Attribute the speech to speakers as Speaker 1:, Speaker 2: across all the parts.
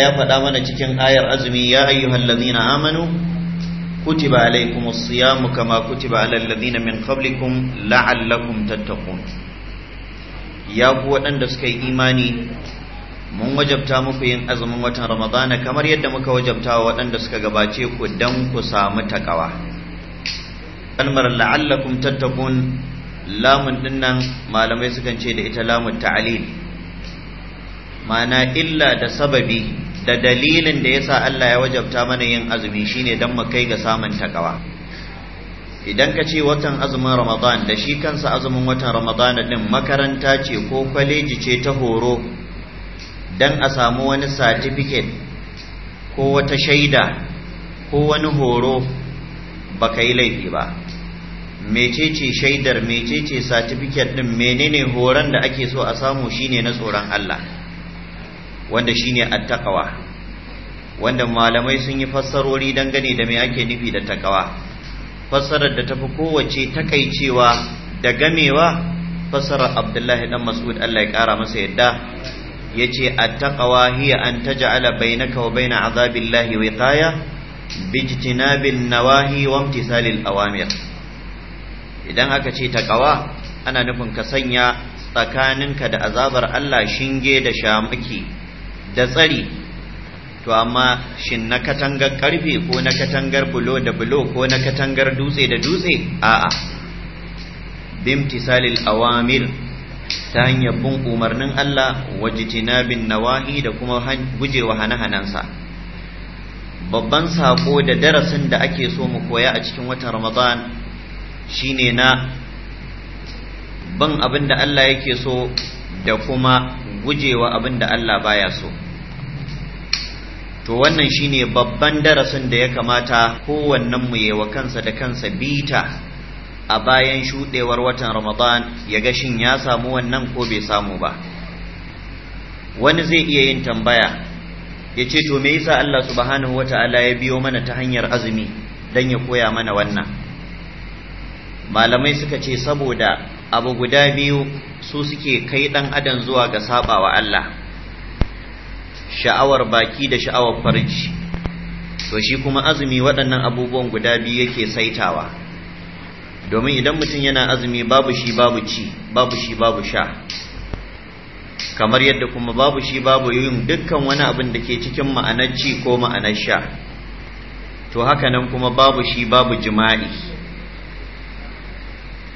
Speaker 1: ya faɗa mana cikin ayar azumi ya ayyuhal ladina amanu kutiba alaykumus siyamu kama kutiba alal ladina min qablikum la'allakum tattaqun ya ku waɗanda suka yi imani mun wajabta muku yin azumin watan ramadana kamar yadda muka wajabta wa waɗanda suka gabace ku dan ku samu takawa kalmar la'allakum tattaqun lamun dinnan malamai sukan ce da ita lamun ta'lil ma'ana illa da sababi da dalilin da yasa Allah ya wajabta mana yin azumi shine dan mu kai ga samun takawa idan ka ce watan azumin Ramadan da shi kansa azumin watan Ramadan din makaranta ce ko kwaleji ce ta horo dan a samu wani certificate ko wata shaida ko wani horo baka yi laifi ba mecece shaidar mecece certificate din menene horon da ake so a samu shine na tsoron Allah wanda shine attaqwa wanda malamai sun yi fassarori dangane da me ake nufi da takawa fassarar da tafi kowace takaicewa da gamewa fassarar Abdullahi dan Mas'ud Allah ya kara masa yadda yace attaqwa hiya an taj'ala bainaka wa baina azabillahi wiqaya bijtinabin nawahi wa imtisalil awamir idan aka ce takawa ana nufin ka sanya tsakaninka da azabar Allah shinge da shamaki da tsari to amma shin na katangar karfe ko na katangar bulo da bulo ko na katangar dutse da dutse a'a bimtisalil awamir ta hanyar bin umarnin Allah wajitinabin nawahi da kuma gujewa hana-hanansa babban sako da darasin da ake so mu koya a cikin watan ramadan shine na bin abin da Allah yake so da kuma gujewa abinda Allah baya so to wannan shine babban darasin da ya kamata kowannen mu wa kansa da kansa bita a bayan shuɗewar watan Ramadan ya ga shin ya samu wannan ko bai samu ba wani zai iya yin tambaya ya ce to me yasa Allah subhanahu wata'ala ya biyo mana ta hanyar azumi dan ya koya mana wannan malamai suka ce saboda abu guda biyu su suke kai dan adam zuwa ga sabawa Allah sha'awar baki da sha'awar farji to shi kuma azumi waɗannan abubuwan guda biyu yake saitawa domin idan mutum yana azumi babu shi babu ci babu shi babu sha kamar yadda kuma babu shi babu yin dukkan wani abin da ke cikin ma'anar ci ko ma'anar sha to haka nan kuma babu shi babu jima'i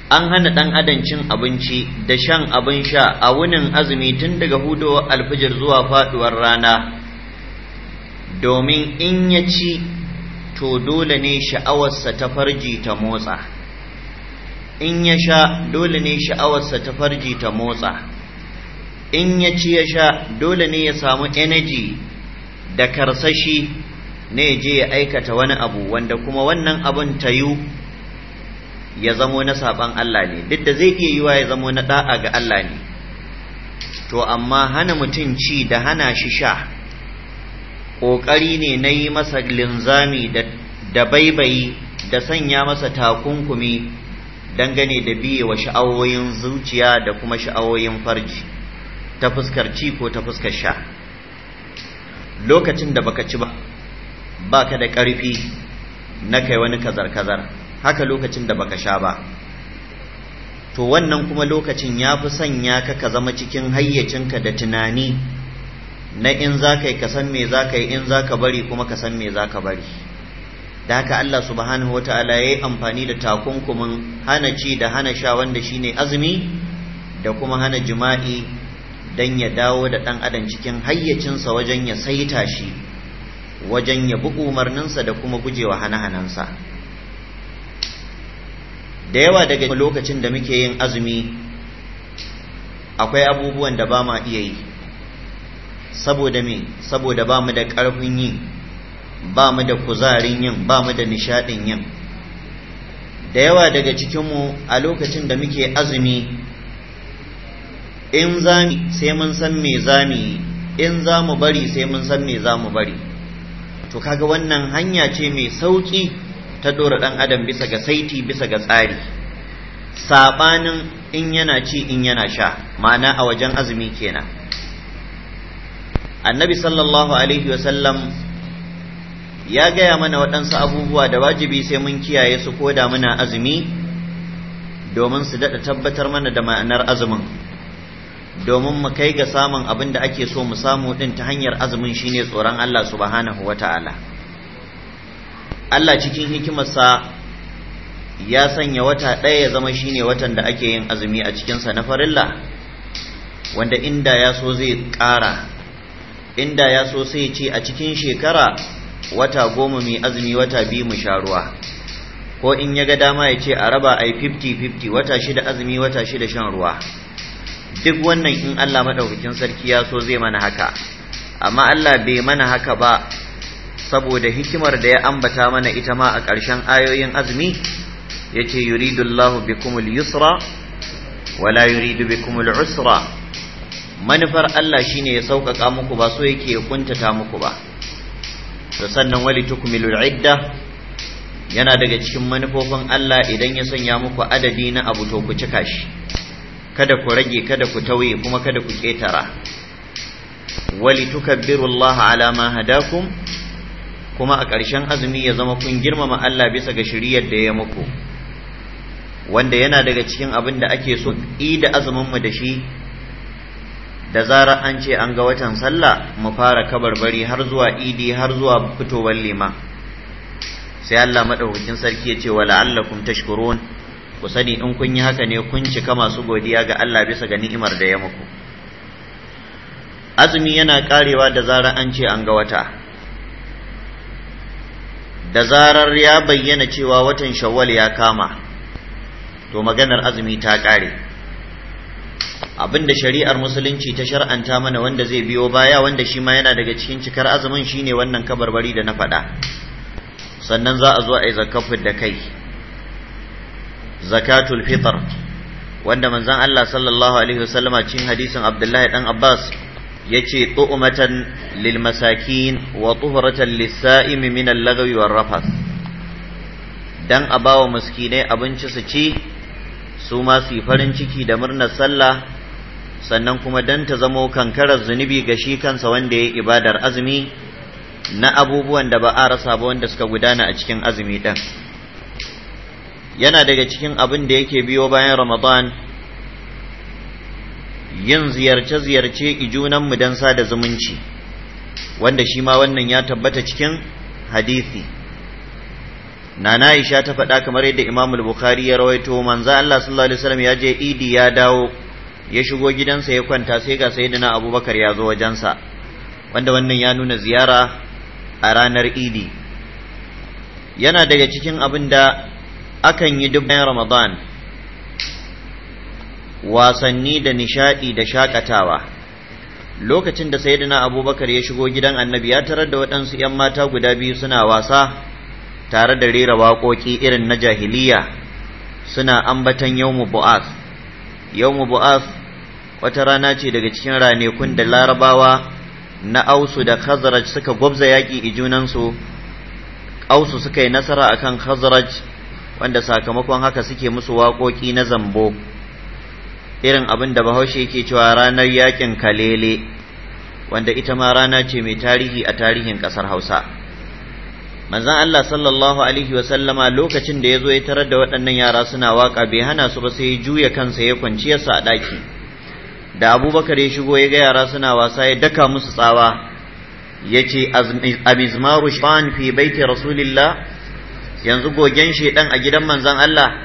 Speaker 1: an hana ɗan adam cin abinci da shan abin sha a wunin azumi tun daga huduwar alfijir zuwa faɗuwar rana domin in ya ci to dole ne sha'awarsa ta farji ta motsa in ya sha dole ne sha'awarsa ta farji ta motsa in ya ci ya sha dole ne ya samu energy da karsashi ne je ya aikata wani abu wanda kuma wannan abin ta yiwu ya zamo na saban Allah ne duk da zai iya yiwa ya zamo na da'a ga Allah ne to amma hana mutum ci da hana shi sha ƙoƙari ne na yi masa linzami da baibayi da sanya masa takunkumi dangane da biye wa sha'awoyin zuciya da kuma sha'awoyin farji ta fuskar ci ko ta fuskar sha lokacin da baka ci ba baka da ƙarfi na kai wani kazar-kazar haka lokacin da baka sha ba to wannan kuma lokacin ya fi sanya ka ka zama cikin hayyacinka da tunani na in za ka yi ka san me za ka yi in za ka bari kuma ka san me za ka bari da haka Allah subhanahu wa ta'ala ya yi amfani da takunkumin hana ci da hana sha wanda shine azumi da kuma hana jima'i don ya dawo da ɗan adam cikin hayyacinsa wajen ya saita shi wajen ya bi umarninsa da kuma gujewa hana-hanansa da yawa daga lokacin da muke yin azumi akwai abubuwan da ba ma iya yi saboda me saboda ba mu da ƙarfin yi, ba mu da kuzarin yin ba mu da nishaɗin yin da yawa daga cikinmu a lokacin da muke azumi in zami sai mun san me zami in za mu bari sai mun san me za mu bari to kaga wannan hanya ce mai sauƙi ta dora dan adam bisa ga saiti bisa ga tsari Saɓanin in yana ci in yana sha ma'ana a wajen azumi kenan annabi sallallahu alaihi wasallam ya gaya mana waɗansu abubuwa da wajibi sai mun kiyaye su koda muna azumi domin su daɗa tabbatar mana da ma'anar azumin domin mu kai ga samun abin da ake so mu samu ɗin ta hanyar azumin shine tsoron Allah subhanahu wa Allah cikin hikimarsa ya sanya wata ɗaya ya zama shine watan da ake yin azumi a cikinsa na farilla wanda inda ya so zai ƙara inda ya so sai ce a cikin shekara wata goma mai azumi wata biyu mu sha ruwa ko in ya ga dama ya ce a raba a yi 50-50 wata shida azumi wata shida shan ruwa duk wannan in Allah maɗaukakin sarki ya so zai mana haka amma Allah bai mana haka ba saboda hikimar da ya ambata mana ita ma a ƙarshen ayoyin azumi Ya yace yuridullahu bikumul yusra wala yuridu bikumul usra manufar Allah shi ne ya sauƙaƙa muku ba so yake ya kuntata muku ba da sannan wali tukmilul idda yana daga cikin manufofin Allah idan ya sanya muku adadi na abu to ku cika shi kada ku rage kada ku tauye kuma kada ku ketara wali tukabbirullaha ala ma hadakum kuma a ƙarshen azumi ya zama kun girmama Allah bisa ga shiriyar da ya muku wanda yana daga cikin abin da ake so da azumin mu da shi da zara an ce an ga watan sallah mu fara kabarbari har zuwa idi har zuwa fitowar lima sai Allah madaukakin sarki ya ce wa la'allakum tashkurun ku sani in kun yi haka ne kun cika masu godiya ga Allah bisa ga ni'imar da ya muku azumi yana karewa da zara an ce an ga wata da zarar ya bayyana cewa watan shawwal ya kama to maganar azumi ta ƙare abinda shari'ar musulunci ta shar'anta mana wanda zai biyo baya wanda shi ma yana daga cikin cikar azumin shine wannan kabarbari da na faɗa sannan za a zo a yi zakafin da kai zakatul fitr wanda manzon Allah sallallahu alaihi wasallama cikin hadisin Abdullahi dan Abbas yace tu'matan lil masakin wa tuhratan lis sa'im min al lagwi war rafath dan a bawa miskinai abinci su ci su ma su yi farin ciki da murnar sallah sannan kuma dan ta zamo kankarar zunubi ga shi kansa wanda ya ibadar azumi na abubuwan da ba a rasa ba wanda suka gudana a cikin azumi din yana daga cikin abin da yake biyo bayan ramadan yin ziyarce-ziyarce mu don sada zumunci wanda shi ma wannan ya tabbata cikin hadisi nana Aisha ta faɗa kamar yadda Imam Bukhari ya rawaito manzo Allah sallallahu alaihi wasallam ya je Idi ya dawo ya shigo gidansa ya kwanta sai ga sayyidina Abubakar ya zo wajensa wanda wannan ya nuna ziyara a ranar Idi yana daga cikin abin da akan yi duk bayan Ramadan wasanni da nishaɗi da shaƙatawa. lokacin da sayyidina abubakar ya shigo gidan annabi ya tarar da waɗansu 'yan mata guda biyu suna wasa tare da rera waƙoƙi irin na jahiliya suna ambatan yawmu bu'as yawmu bu'as wata rana ce daga cikin ranekun da larabawa na ausu da khazraj suka gwabza yaƙi ijunansu ausu suka yi nasara akan khazraj wanda sakamakon haka suke musu waƙoƙi na zambo irin abin da bahaushe yake cewa ranar yakin kalele wanda ita ma rana ce mai tarihi a tarihin ƙasar hausa manzan allah sallallahu alaihi wasallama lokacin da ya zo ya tarar da waɗannan yara suna waka, bai hana su ba sai ya juya kansa ya kwanciyarsa a ɗaki da abubakar ya shigo ya ga yara suna wasa ya daka musu tsawa ya ce Abizmaru fi baiti rasulillah yanzu gogen shedan a gidan manzan allah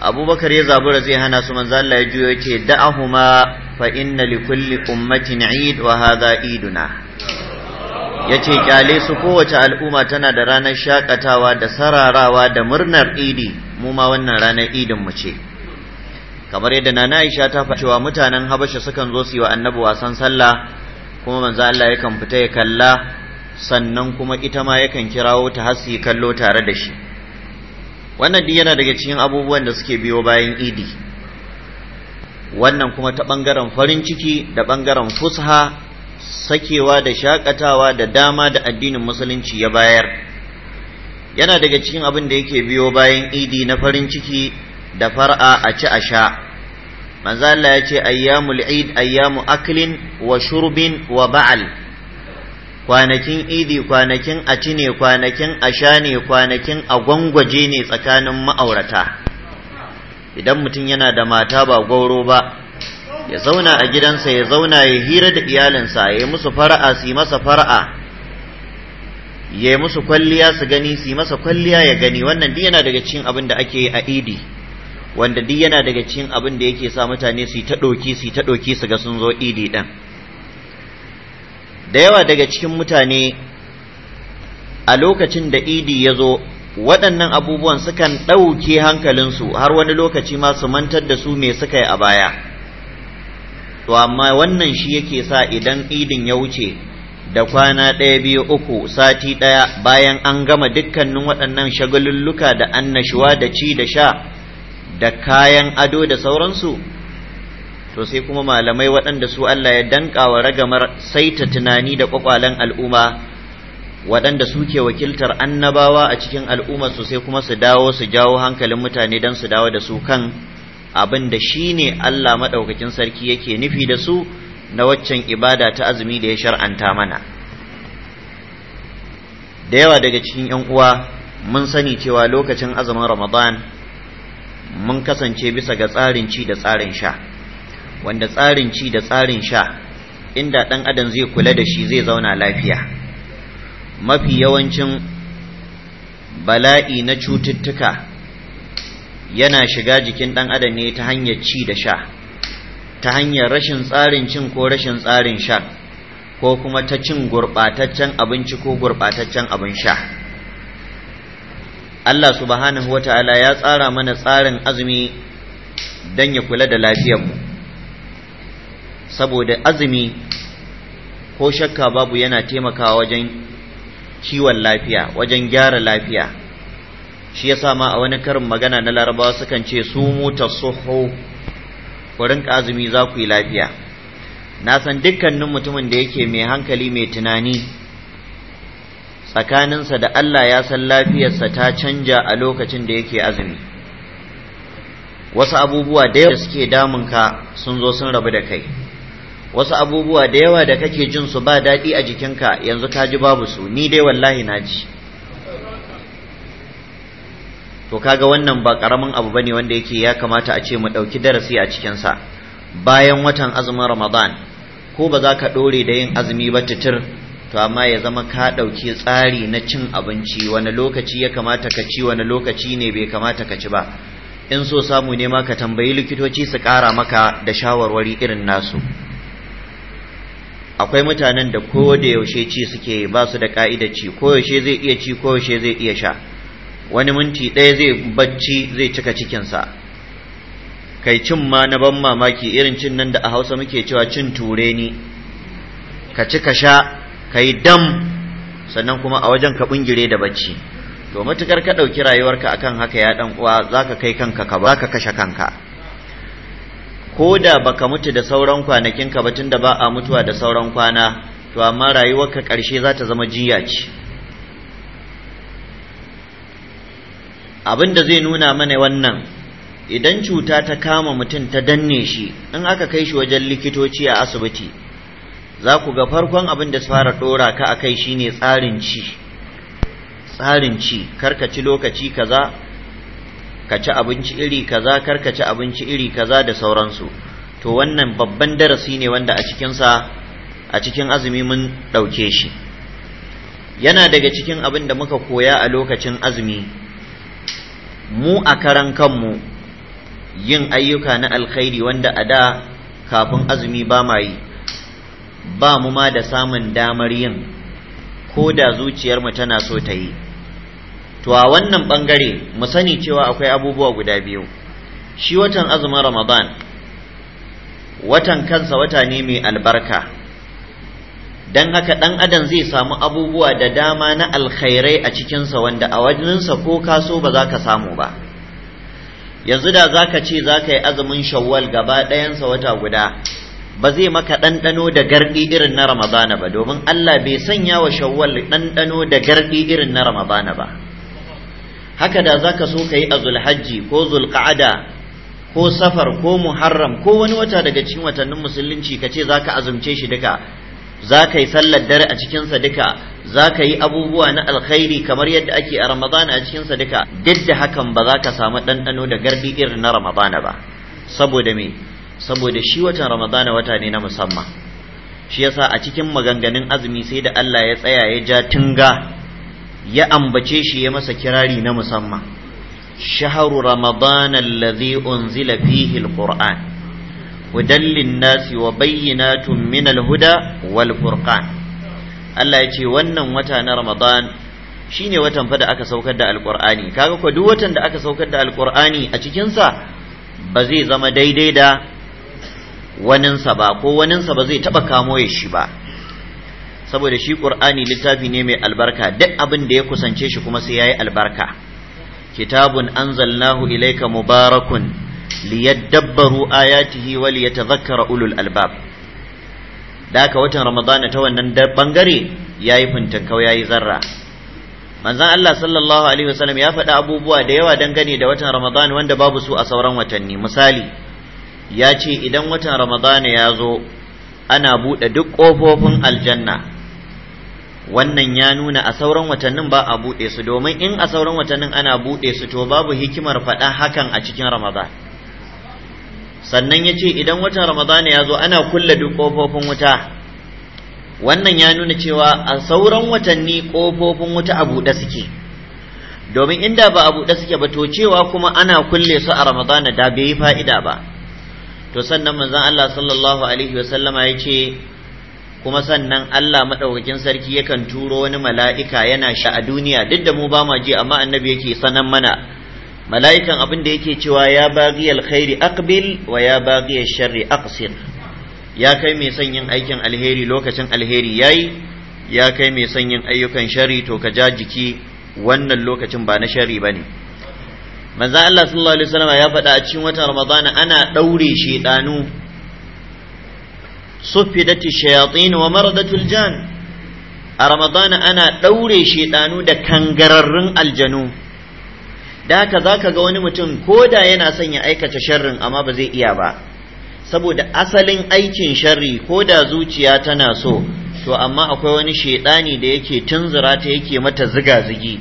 Speaker 1: abubakar ya zabi zai hana su manzo Allah ya juyo ya ce da'ahuma fa inna li kulli ummatin eid wa hadha iduna yace kyale su kowace al'umma tana da ranar shakatawa da sararawa da murnar idi mu ma wannan ranar idin mu ce kamar yadda nana Aisha ta faɗa cewa mutanen Habasha sukan zo su yi wa annabi wasan sallah kuma manzo Allah yakan fita ya kalla sannan kuma ita ma yakan kirawo ta hasi kallo tare da shi wannan duk yana daga cikin abubuwan da suke biyo bayan idi wannan kuma ta ɓangaren farin ciki da ɓangaren fusha sakewa da shakatawa da dama da addinin musulunci ya bayar yana daga cikin abin da yake biyo bayan idi na farin ciki da far'a a ci a sha manzo Allah ya ce ayyamul eid ayyamu aklin wa shurbin wa ba'al kwanakin idi kwanakin a ci kwanakin a sha ne kwanakin a gwangwaje ne tsakanin ma'aurata idan mutum yana da mata ba gwauro ba ya zauna a gidansa ya zauna ya hira da iyalinsa ya yi musu fara'a su yi masa fara'a ya yi musu kwalliya su gani su yi masa kwalliya ya gani wannan duk yana daga cikin abin da ake yi a idi wanda duk yana daga cikin abin da yake sa mutane su yi ta ɗoki su yi ta ɗoki su ga sun zo idi ɗin da yawa daga cikin mutane a lokacin da idi ya zo waɗannan abubuwan sukan ɗauke hankalinsu har wani lokaci ma su mantar da su me suka yi a baya to amma wannan shi yake sa idan idin ya wuce da kwana ɗaya biyu uku sati ɗaya bayan an gama dukkanin waɗannan shagalulluka da annashuwa da ci da sha da kayan ado da sauransu to sai kuma malamai waɗanda su Allah ya danka wa ragamar saita tunani da ƙwaƙwalen al'umma waɗanda suke wakiltar annabawa a cikin al'umma su sai kuma su dawo su jawo hankalin mutane don su dawo da su kan abin da shi ne Allah maɗaukakin sarki yake nufi da su na waccan ibada ta azumi da ya shar'anta mana da yawa daga cikin 'yan uwa mun sani cewa lokacin azumin ramadan mun kasance bisa ga tsarin ci da tsarin sha wanda tsarin ci da tsarin sha inda ɗan adam zai kula da shi zai zauna lafiya mafi yawancin bala'i na cututtuka yana shiga jikin ɗan adam ne ta hanyar ci da sha ta hanyar rashin tsarin cin ko rashin tsarin sha ko kuma ta cin gurɓataccen abinci ko gurɓataccen abin sha Allah subhanahu ta'ala ya tsara mana tsarin azumi don ya kula da lafiyarmu saboda azumi ko shakka babu yana taimakawa wajen kiwon lafiya wajen gyara lafiya shi yasa ma a wani karin magana na larabawa sukan ce su muta suhu ku azumi za ku yi lafiya na san dukkanin mutumin da yake mai hankali mai tunani tsakaninsa da Allah ya san lafiyarsa ta canja a lokacin da yake azumi wasu abubuwa da yawa suke damunka sun zo sun rabu da kai wasu abubuwa da yawa da kake jin su ba daɗi a jikinka yanzu ka ji babu su ni dai wallahi na ji to kaga wannan ba karamin abu bane wanda yake ya kamata a ce mu ɗauki darasi a cikinsa bayan watan azumin ramadan ko ba za ka ɗore da yin azumi ba titir to amma ya zama ka ɗauki tsari na cin abinci wani lokaci ya kamata ka ci wani lokaci ne bai kamata ka ci ba in so samu ne ma ka tambayi likitoci su ƙara maka da shawarwari irin nasu akwai mutanen da ko da yaushe ci suke ba su da ka'ida ci ko yaushe zai iya ci ko yaushe zai iya sha wani minti ɗaya zai bacci zai cika cikinsa kai cin ma na ban mamaki irin cin nan da a hausa muke cewa cin ture ni ka ci ka sha ka yi dam sannan kuma a wajen ka bungire da bacci to matukar ka ɗauki rayuwarka akan haka ya ɗan uwa za ka kai kanka ka ba ka kashe kanka ko da baka mutu da sauran kwanakin ka ba tunda ba a mutuwa da sauran kwana to amma ka ƙarshe za ta zama jiya ce abin da zai nuna mana wannan idan cuta ta kama mutum ta danne shi in aka kai shi wajen likitoci a asibiti za ku ga farkon abin da su fara ɗora ka a kai shine tsarin ci tsarin ci karkaci lokaci kaza ka ci abinci iri kaza kar ka ci abinci iri kaza da sauransu to wannan babban darasi ne wanda a cikinsa a cikin azumi mun ɗauke shi yana daga cikin abin da muka koya a lokacin azumi mu a karan kanmu yin ayyuka na alkhairi wanda a da kafin azumi ba ma yi ba mu ma da samun damar yin ko da zuciyarmu tana so ta yi to a wannan bangare mu sani cewa akwai abubuwa guda biyu shi watan azumin ramadan watan kansa wata ne mai albarka don haka ɗan adam zai samu abubuwa da dama na alkhairai a cikinsa wanda a sa ko kaso ba za ka samu ba yanzu da za ka ce za ka yi azumin shawwal gaba ɗayansa wata guda ba zai maka ɗanɗano da gardi irin na ramadana ba domin Allah bai sanya wa shawwal ɗanɗano da gardi irin na ramadana ba haka da za ka so ka yi a zulhajji ko zulqa'ada ko safar ko muharram ko wani wata daga cikin watannin musulunci ka ce za ka azumce shi duka zaka yi sallar dare a cikinsa duka zaka yi abubuwa na alkhairi kamar yadda ake a ramadana a cikinsa duka duk da hakan ba za ka samu ɗanɗano da garbi irin na ramadana ba saboda me saboda shi watan ramadana wata ne na musamman shi yasa a cikin maganganun azumi sai da Allah ya tsaya ya ja tunga ya ambace shi ya masa kirari na musamman shaharu ramadan allazi unzila fihi alquran hudan linnasi wa bayyinatun min alhuda wal furqan Allah ya ce wannan wata na ramadan shine watan fa da aka saukar da alqur'ani kaga ko duk watan da aka saukar da alqur'ani a cikin sa ba zai zama daidai da waninsa ba ko waninsa ba zai taba kamo ya shi ba saboda shi ƙur'ani, littafi ne mai albarka duk abin da ya kusance shi kuma sai yayi albarka kitabun anzalnahu ilayka mubarakun liyadabbaru ayatihi wa liyatadhakkara ulul albab da watan ramadana ta wannan bangare yayi fintankau yayi zarra manzon Allah sallallahu alaihi wasallam ya faɗi abubuwa da yawa dangane da watan ramadana wanda babu su a sauran watanni misali ya ce idan watan ramadana ya zo ana buɗe duk ƙofofin aljanna wannan ya nuna a sauran watannin ba a buɗe su domin in a sauran watannin ana buɗe su to babu hikimar faɗa hakan a cikin ramadan sannan ya ce idan watan ramadan ya zo ana kulle duk ƙofofin wuta wannan ya nuna cewa a sauran watanni ƙofofin wuta a buɗe suke domin inda ba a buɗe suke ba to cewa kuma ana kulle su a ramadan da bai yi fa'ida ba to sannan manzon Allah sallallahu alaihi wasallama ya ce kuma sannan Allah madaukakin sarki yakan turo wani mala'ika yana sha a duniya duk da mu ba ma ji amma annabi yake sanan mana mala'ikan abin da yake cewa ya baghi alkhairi aqbil wa ya baghi sharri aqsir ya kai mai son yin aikin alheri lokacin alheri yayi ya kai mai son yin ayyukan sharri to ka ja jiki wannan lokacin ba na shari bane manzo Allah sallallahu alaihi wasallam ya faɗa a cikin watan Ramadana ana daure shedanu صفدت الشياطين ومرضت الجان a ramadana ana ɗaure shaidanu da kangararrun aljanu da haka za ka ga wani mutum ko da yana son ya aikata sharrin amma ba zai iya ba saboda asalin aikin sharri ko da zuciya tana so to amma akwai wani shaidani da yake tunzura ta yake mata ziga-zigi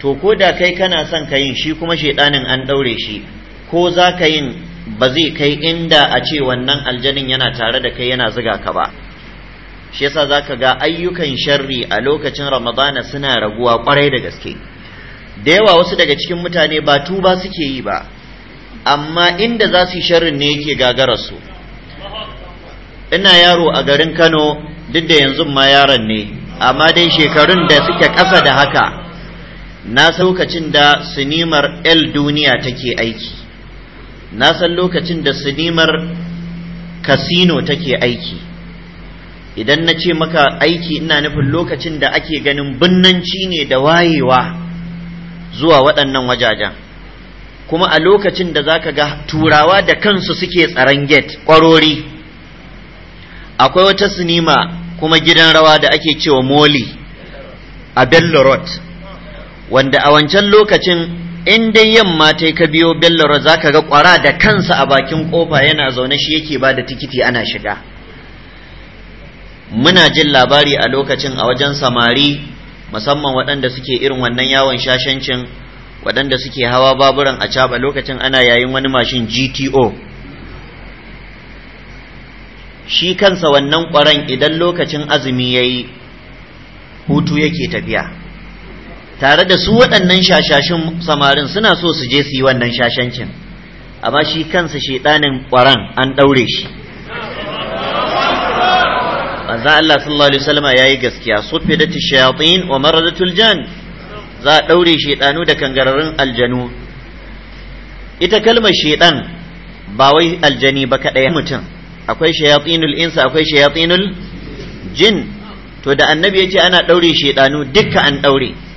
Speaker 1: to ko da kai kana son ka yin shi kuma shaidanin an ɗaure shi ko za ka yin ba zai kai inda a ce wannan aljanin yana tare da kai yana ziga ka ba shi yasa zaka ga ayyukan sharri a lokacin ramadana suna raguwa kwarai da gaske da yawa wasu daga cikin mutane ba tuba suke yi ba amma inda za su yi sharrin ne yake gagararsu ina yaro a garin kano duk da yanzu ma yaron ne amma dai shekarun da suke ƙasa da haka na lokacin da sinimar el duniya take aiki na san lokacin da sinimar kasino take aiki idan na ce maka aiki ina nufin lokacin da ake ganin binnanci ne da wayewa zuwa waɗannan wajajen kuma a lokacin da zaka ga turawa da kansu suke tsaron gate kwarori akwai wata sinima kuma gidan rawa da ake cewa moli a bellorot wanda a wancan lokacin in dai yamma tai ka biyo bello za ka ga kwara da kansa a bakin kofa yana zaune shi yake ba da tikiti ana shiga muna jin labari a lokacin a wajen samari musamman waɗanda suke irin wannan yawon shashancin waɗanda suke hawa baburan a caba lokacin ana yayin wani mashin gto shi kansa wannan ƙwaron idan lokacin azumi ya yi hutu yake tafiya tare da su waɗannan shashashin samarin suna so su je su yi wannan shashancin amma shi kansa shaidanin ƙwaran an ɗaure shi manzo Allah sallallahu alaihi wasallam yi gaskiya sufidatu shayatin wa maradatul jan za a ɗaure shaidanu da kangararrun aljanu ita kalmar shaidan ba wai aljani ba kaɗai mutum akwai shayatinul insa akwai shayatinul jin to da annabi ya ce ana ɗaure shaidanu dukka an ɗaure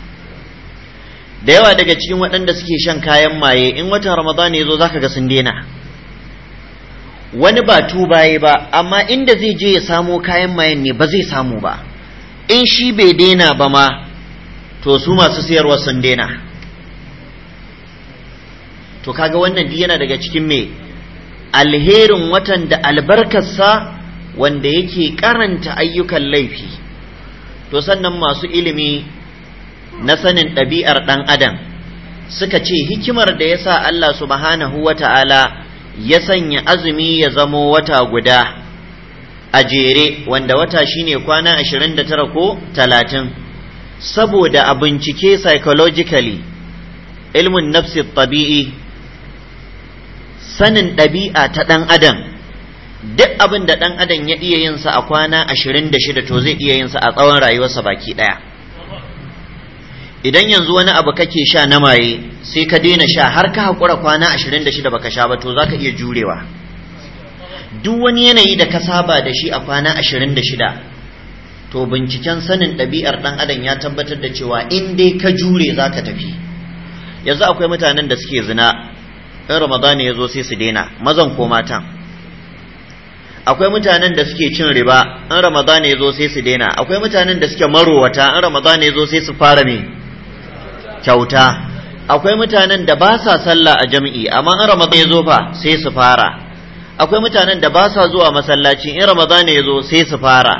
Speaker 1: da yawa daga cikin waɗanda suke shan kayan maye in watan ramadana ya zo zaka ga sun daina wani ba tubaye ba amma inda zai je ya samo kayan mayen ne ba zai samu ba in shi bai daina ba ma to su masu sayarwa sun daina to kaga wannan duk yana daga cikin me alherin watan da albarkarsa wanda yake karanta ayyukan laifi to sannan masu ilimi na sanin ɗabi'ar ɗan adam suka ce hikimar da ya sa Allah subhanahu wa ta'ala ya sanya azumi ya zamo wata guda a jere wanda wata shine kwana 29 ko talatin, saboda a bincike psychologically ilmin nafsi tabi'i sanin ɗabi'a ta ɗan adam duk abin da ɗan adam ya iya yinsa a kwana 26 to zai iya yinsa a tsawon rayuwarsa baki ɗaya idan yanzu wani abu kake sha na maye sai ka daina sha har ka haƙura kwana 26 baka sha ba to za ka iya jurewa duk wani yanayi da ka saba da shi a kwana 26 to binciken sanin ɗabi'ar ɗan adam ya tabbatar da cewa in dai ka jure za ka tafi yanzu akwai mutanen da suke zina in ramadana ya zo sai su daina mazan ko matan akwai mutanen da suke cin riba in ramadana ya zo sai su daina akwai mutanen da suke marowata in ramadana ya zo sai su fara me kyauta akwai mutanen da ba sa sallah a jam'i amma in ramadan ya zo fa sai su fara akwai mutanen da ba sa zuwa masallaci in ramadan ya zo sai su fara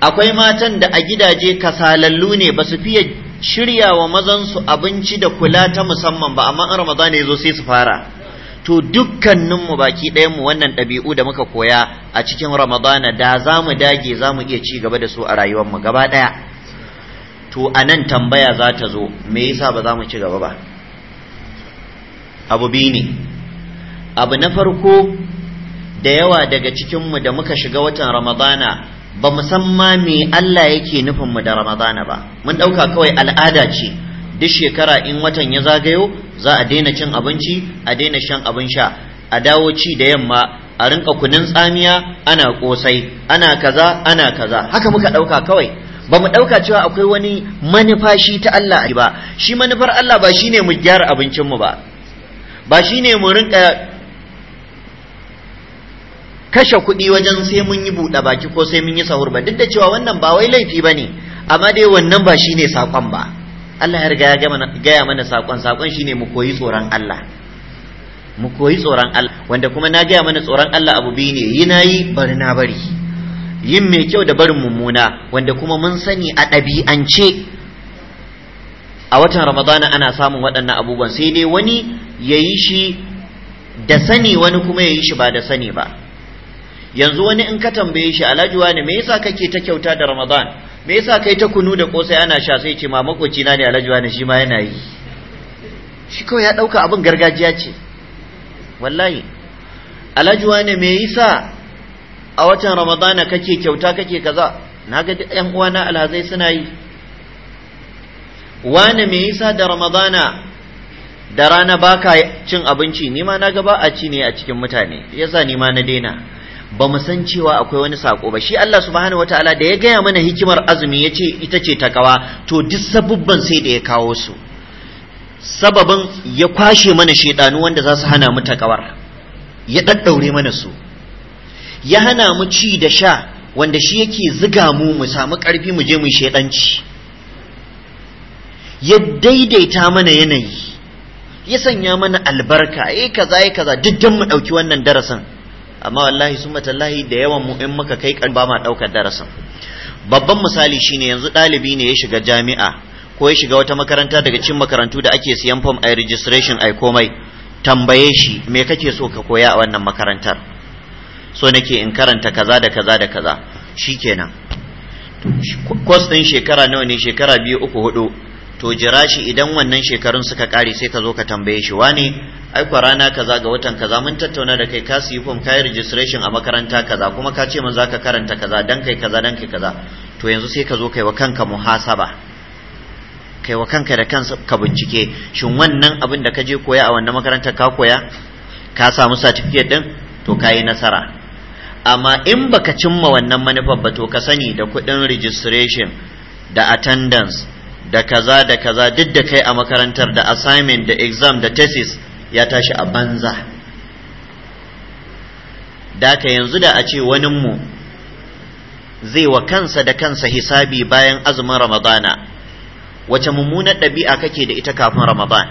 Speaker 1: akwai matan da a gidaje kasalallu ne ba su fiye shirya wa mazan su abinci da kula ta musamman ba amma in ramadan ya zo sai su fara to mu baki mu wannan ɗabi'u da muka koya a cikin ramadana da za mu dage za mu iya ci gaba da su a rayuwar mu gaba ɗaya to anan tambaya za ta zo me yasa ba za mu ci gaba ba abu biyu ne abu na farko da yawa daga cikinmu da muka shiga watan ramadana ba musamman me Allah yake nufinmu da ramadana ba mun ɗauka kawai al'ada ce duk shekara in watan ya zagayo za a daina cin abinci a daina shan abin sha a dawo ci da yamma a rinka kunin tsamiya ana kosai ana kaza ana kaza haka muka ɗauka kawai ba mu ɗauka cewa akwai wani manufa shi ta Allah a ba shi manufar Allah ba shi ne mu gyara abincinmu ba ba shi ne mu rinka kashe kuɗi wajen sai mun yi buɗe baki ko sai mun yi sahur ba duk da cewa wannan ba wai laifi ba ne amma dai wannan ba shi ne saƙon ba Allah ya riga ya gaya mana saƙon saƙon shi ne mu koyi tsoron Allah mu koyi tsoron Allah wanda kuma na gaya mana tsoron Allah abu biyu ne yi na yi bari na bari yin mai kyau da barin mummuna wanda kuma mun sani a ɗabi'ance a watan ramadana ana samun waɗannan abubuwan sai dai wani ya yi shi da sani wani kuma ya yi shi ba da sani ba yanzu wani in ka tambaye shi alhaji wani me yasa kake ta kyauta da ramadan me yasa kai ta kunu da kosai ana sha sai ce ma makoci na ne alhaji wani shi ma yana yi shi kawai ya ɗauka abin gargajiya ce wallahi alhaji wani me yasa a watan ramadana kake kyauta kake kaza na ga yan uwana alhazai suna yi wani me yasa da ramadana da rana baka cin abinci ni na gaba ba a ci ne a cikin mutane yasa ni ma na daina ba mu san cewa akwai wani sako ba shi Allah subhanahu wataala da ya gaya mana hikimar azumi ya ce ita ce takawa to duk sabubban sai da ya kawo su sababin ya kwashe mana shaidanu wanda za su hana mu takawar ya ɗaɗɗaure mana su ya hana mu ci da sha wanda shi yake ziga mu mu samu karfi mu je mu shaidanci ya daidaita mana yanayi ya sanya mana albarka eh kaza eh kaza duk mu ɗauki wannan darasin amma wallahi summa tallahi da yawan mu in muka kai kan ba ma ɗaukar darasin babban misali shine yanzu dalibi ne ya shiga jami'a ko ya shiga wata makaranta daga cikin makarantu da ake siyan form ai registration ai komai tambaye shi me kake so ka koya a wannan makarantar so nake in karanta kaza da kaza da kaza shikenan kwas ɗin shekara nawa ne shekara biyu uku hudu to jira shi idan wannan shekarun suka kare sai ka zo ka tambaye shi wane ai kwa rana kaza ga watan kaza mun tattauna da kai ka siyi form ka yi registration a makaranta kaza kuma ka ce mun zaka karanta kaza dan kai kaza dan kai kaza to yanzu sai ka zo kai wa kanka muhasaba kai wa kanka da kansa ka bincike shin wannan abin da ka je koya a wannan makarantar ka koya ka samu certificate din to ka nasara amma in baka cimma wannan manufar ba to ka sani da kuɗin registration da attendance da kaza da kaza duk da kai a makarantar da assignment da exam da thesis ya tashi a banza daka yanzu da a ce waninmu zai wa kansa da kansa hisabi bayan azumin ramadana wace mummunar ɗabi'a kake da ita kafin ramadan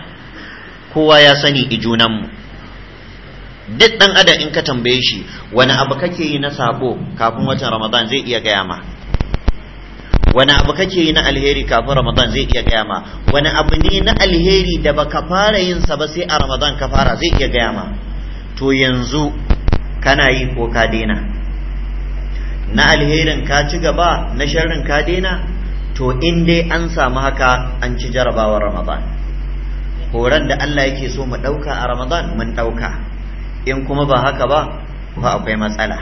Speaker 1: kowa ya sani ijunanmu duk dan adam in ka tambaye shi wani abu kake yi na sabo kafin watan ramadan zai iya gaya ma wani abu kake yi na alheri kafin ramadan zai iya gaya ma wani abu ne na alheri da baka fara yin sa ba sai a ramadan ka fara zai iya gaya ma to yanzu kana yi ko ka daina na alherin ka ci gaba na sharrin ka daina to in dai an samu haka an ci jarabawar ramadan horon da Allah yake so mu ɗauka a ramadan mun ɗauka in kuma ba haka ba ba akwai matsala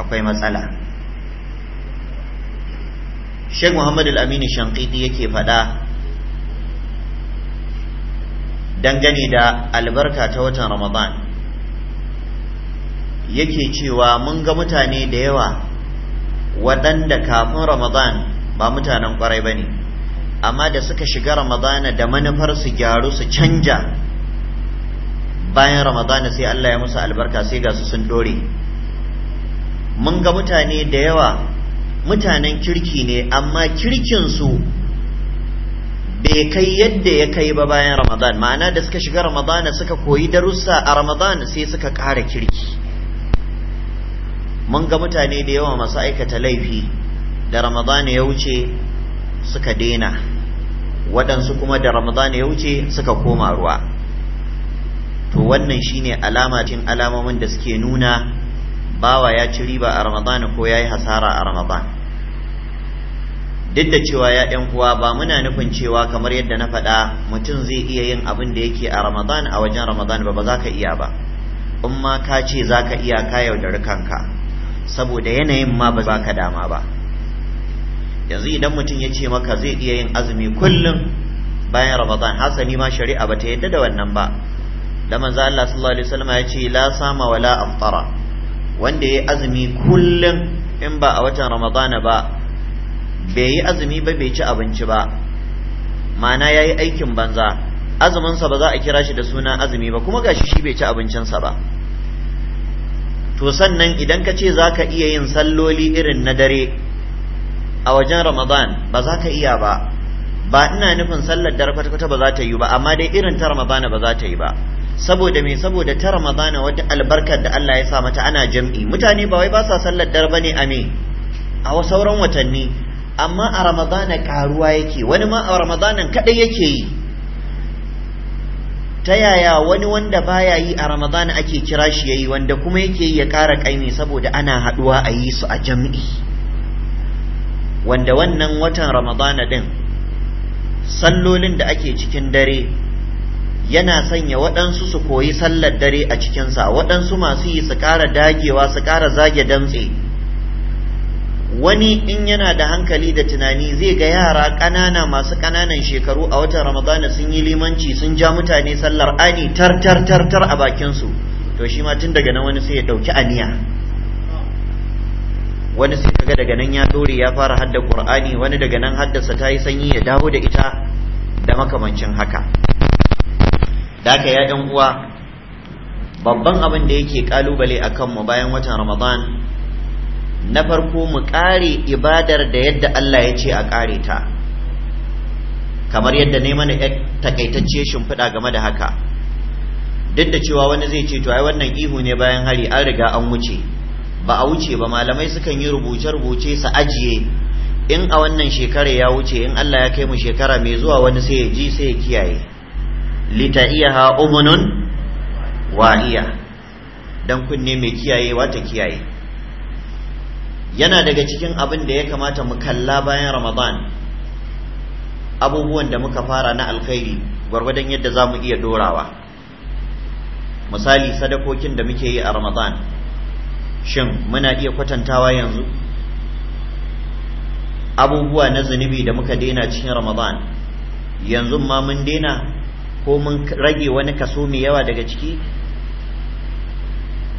Speaker 1: akwai matsala Sheikh Muhammad Al-Amini Shankidi yake faɗa dangane da albarka ta watan Ramadan yake cewa mun ga mutane da yawa waɗanda kafin Ramadan ba mutanen ƙwarai ba ne amma da suka shiga Ramadana da manufar su gyaru su canja bayan ramadana sai Allah ya musu albarka sai ga su sun dore mun ga mutane da yawa mutanen kirki ne amma kirkinsu bai kai yadda ya kai ba bayan ramadan ma'ana da suka shiga ramadana suka koyi darussa a ramadan sai suka kara kirki mun ga mutane da yawa masu aikata laifi da ramadana ya wuce suka daina waɗansu kuma da ramadana ya wuce suka koma ruwa to wannan shine alama cikin alamomin da suke nuna bawa ya ci riba a ramadana ko ya yi hasara a ramadana duk da cewa ya ɗan uwa ba muna nufin cewa kamar yadda na faɗa mutum zai iya yin abin da yake a ramadana a wajen ramadana ba ba za ka iya ba in ma ka ce za ka iya ka yaudari kanka saboda yanayin ma ba ka dama ba yanzu idan mutum ya ce maka zai iya yin azumi kullum bayan ramadan hasali ma shari'a ba ta yadda da wannan ba da manzo Allah sallallahu alaihi wasallam ya ce la sama wala amtara wanda yayi azumi kullum in ba a watan ramadana ba bai yi azumi ba bai ci abinci ba ma'ana yayi aikin banza azumin sa ba za a kira shi da suna azumi ba kuma gashi shi bai ci abincin ba to sannan idan ka ce zaka iya yin salloli irin na dare a wajen ramadan ba za ka iya ba ba ina nufin sallar dare kwata-kwata ba za ta yi ba amma dai irin ta ramadana ba za ta yi ba saboda me saboda ta ramadana wata albarkar da Allah ya sa mata ana jam'i mutane ba wai ba sa sallar ba ne a me a sauran watanni amma a ramadana karuwa yake wani ma a ramadanan kadai yake yi ta yaya wani wanda baya yi a ramadana ake kira shi yayi wanda kuma yake yi ya kara kaimi saboda ana haɗuwa a yi su a jam'i wanda wannan watan ramadana din sallolin da ake cikin dare yana sanya waɗansu su koyi sallar dare a cikinsa waɗansu masu yi su ƙara dagewa su ƙara zage damtse wani in yana da hankali da tunani zai ga yara ƙanana masu ƙananan shekaru a watan ramadana sun yi limanci sun ja mutane sallar ani tar tar tar tar a bakinsu to shi ma tun daga nan wani sai ya ɗauki aniya wani sai kaga daga nan ya dore ya fara hadda qur'ani wani daga nan haddasa ta yi sanyi ya dawo da ita da makamancin haka da ya ɗan uwa babban abin da yake kalubale a kanmu bayan watan ramadan na farko mu ƙare ibadar da yadda Allah ya ce a ƙare ta kamar yadda ne mana takaitacce shimfiɗa game da haka duk da cewa wani zai ce to ai wannan ihu ne bayan hari an riga an wuce ba a wuce ba malamai sukan yi rubuce-rubuce su ajiye in a wannan shekara ya wuce in Allah ya kai mu shekara mai zuwa wani sai ya ji sai ya kiyaye lita'iyaha umunun wa'iya dan kunne mai kiyayewa ta kiyaye yana daga cikin abin da ya kamata mu kalla bayan ramadan abubuwan da muka fara na alkhairi gwargwadon yadda za mu iya dorawa misali sadakokin da muke yi a ramadan shin muna iya kwatantawa yanzu abubuwa na zunubi da muka daina cikin ramadan yanzu ma mun daina ko mun rage wani kaso mai yawa daga ciki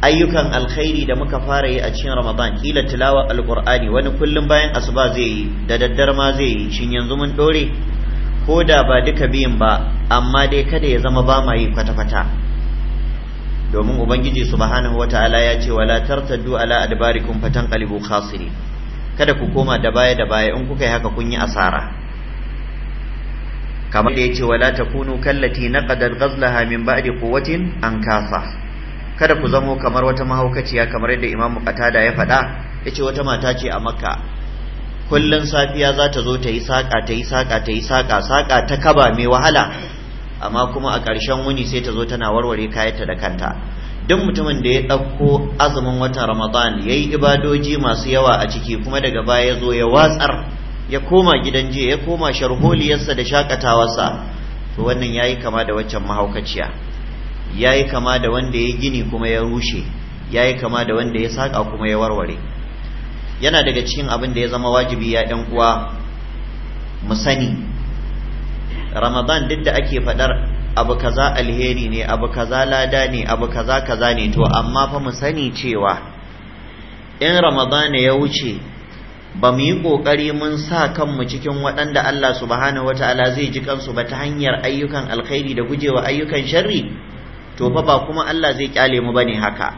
Speaker 1: ayyukan alkhairi da muka fara yi a cikin ramadan kila tilawa alqur'ani wani kullum bayan asuba zai yi da daddar ma zai yi shin yanzu mun dore ko da ba duka biyin ba amma dai kada ya zama ba yi kwata-kwata domin ubangiji subhanahu wata'ala ya ce wala tartaddu ala adbarikum fatan qalibu khasiri kada ku koma da baya da baya in kuka yi haka kun yi asara kamar da yace wala takunu kallati naqadat ghazlaha min ba'di quwwatin an kasa kada ku zamo kamar wata mahaukaciya kamar yadda imamu qatada ya faɗa yace wata mata ce a makka kullun safiya za ta zo ta yi saƙa ta yi saƙa ta yi saƙa saƙa ta kaba mai wahala amma kuma a ƙarshen wuni sai ta zo tana warware kayanta da kanta duk mutumin da ya ɗauko azumin watan ramadan ya yi ibadoji masu yawa a ciki kuma daga baya ya zo ya watsar ya koma gidan jiya ya koma sharholiyarsa da shakatawarsa to wannan yayi kama da waccan mahaukaciya yayi kama da wanda ya gini kuma ya rushe yayi kama da wanda ya saka kuma ya warware yana daga cikin abin da ya zama wajibi ya ɗan uwa mu sani ramadan duk da ake faɗar abu kaza alheri ne abu kaza lada ne abu kaza kaza ne to amma fa mu sani cewa in ramadan ya wuce ba mu yi ƙoƙari mun sa kanmu cikin waɗanda Allah subhanahu wata'ala zai ji kansu ba ta hanyar ayyukan alkhairi da gujewa ayyukan sharri to fa ba kuma Allah zai kyale mu bane haka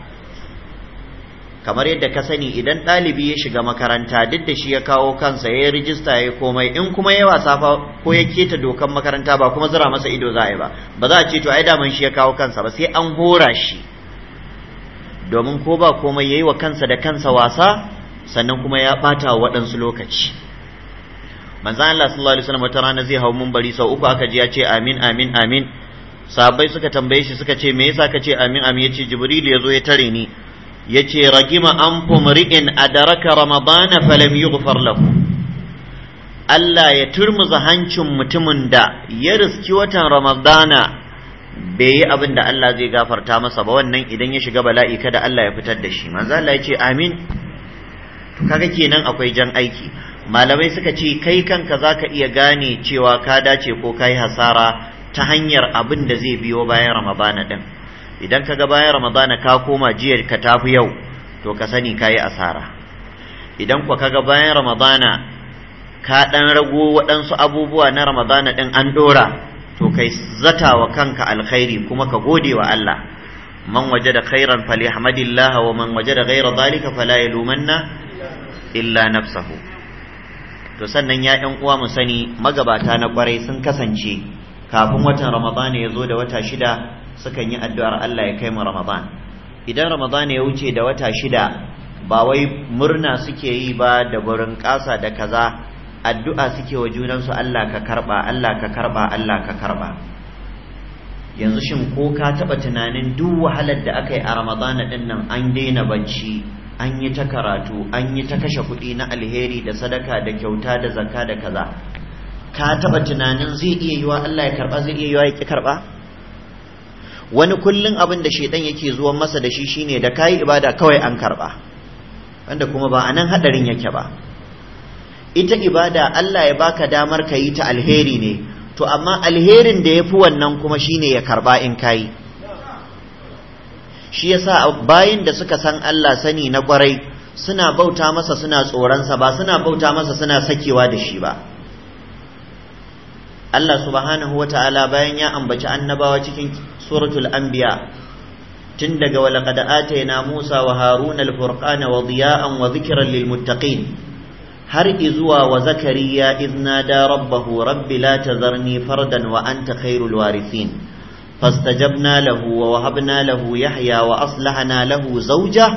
Speaker 1: kamar yadda ka sani idan ɗalibi ya shiga makaranta duk da shi ya kawo kansa ya yi rijista ya komai in kuma yawa safa ko ya keta dokan makaranta ba kuma zira masa ido za a yi ba ba za a ce to ai daman shi ya kawo kansa ba sai an hora shi domin ko ba komai ya yi wa kansa da kansa wasa sannan kuma ya ɓata wa waɗansu lokaci manzan Allah sallallahu alaihi wasallam wata rana zai hau bari sau uku aka ji ya ce amin amin amin sahabbai suka tambaye shi suka ce me yasa ka ce amin amin yace jibril ya zo ya tare ni yace ragima an fumri'in adaraka ramadana falam yughfar lahu Allah ya turmuza hancin mutumin da ya riski watan ramadana bai yi abin da Allah zai gafarta masa ba wannan idan ya shiga bala'i kada Allah ya fitar da shi manzo Allah ya amin to kaga kenan akwai jan aiki malamai suka ce kai kanka za ka iya gane cewa ka dace ko kai hasara ta hanyar abin da zai biyo bayan ramadana din idan kaga bayan ramadana ka koma jiyar ka tafi yau to ka sani kayi asara idan kuwa kaga bayan ramadana ka ɗan rago waɗansu abubuwa na ramadana ɗin an ɗora to kai zata wa kanka alkhairi kuma ka gode wa Allah man waje da khairan fali hamdillah wa man waje da ghaira zalika fala yalumanna illa nafsahu to sannan ya ɗan uwa mu sani magabata na kwarai sun kasance kafin watan ramadan ya zo da wata shida sukan yi addu'ar Allah ya kai mu ramadan idan ramadan ya wuce da wata shida ba wai murna suke yi ba da gurin ƙasa da kaza addu'a suke wa junansu Allah ka karba Allah ka karba Allah ka karba yanzu shin ko ka taɓa tunanin duk wahalar da aka yi a ramadana ɗin nan an daina bacci an yi ta karatu an yi ta kashe kuɗi na alheri da sadaka da kyauta da zaka da kaza ka taba tunanin zai iya yiwa Allah ya karɓa zai iya yiwa ya ki karɓa wani kullun abin da shaidan yake zuwa masa da shi shine da kayi ibada kawai an karɓa wanda kuma ba anan hadarin yake ba ita ibada Allah ya baka damar ka yi ta alheri ne to amma alherin da yafi wannan kuma shine ya karɓa in kayi shi yasa bayin da suka san Allah sani na kwarai suna bauta masa suna tsoronsa ba suna bauta masa suna sakewa da shi ba Allah subhanahu wata'ala bayan ya ambaci annabawa cikin suratul anbiya tun daga walaqad na Musa wa Haruna al-furqana wa diya'an wa dhikran lil har izuwa wa zakariya idh da rabbahu rabbi la tadharni fardan wa anta khairul warithin fastajabna lahu wa wahabna lahu yahya wa aslahana lahu zawja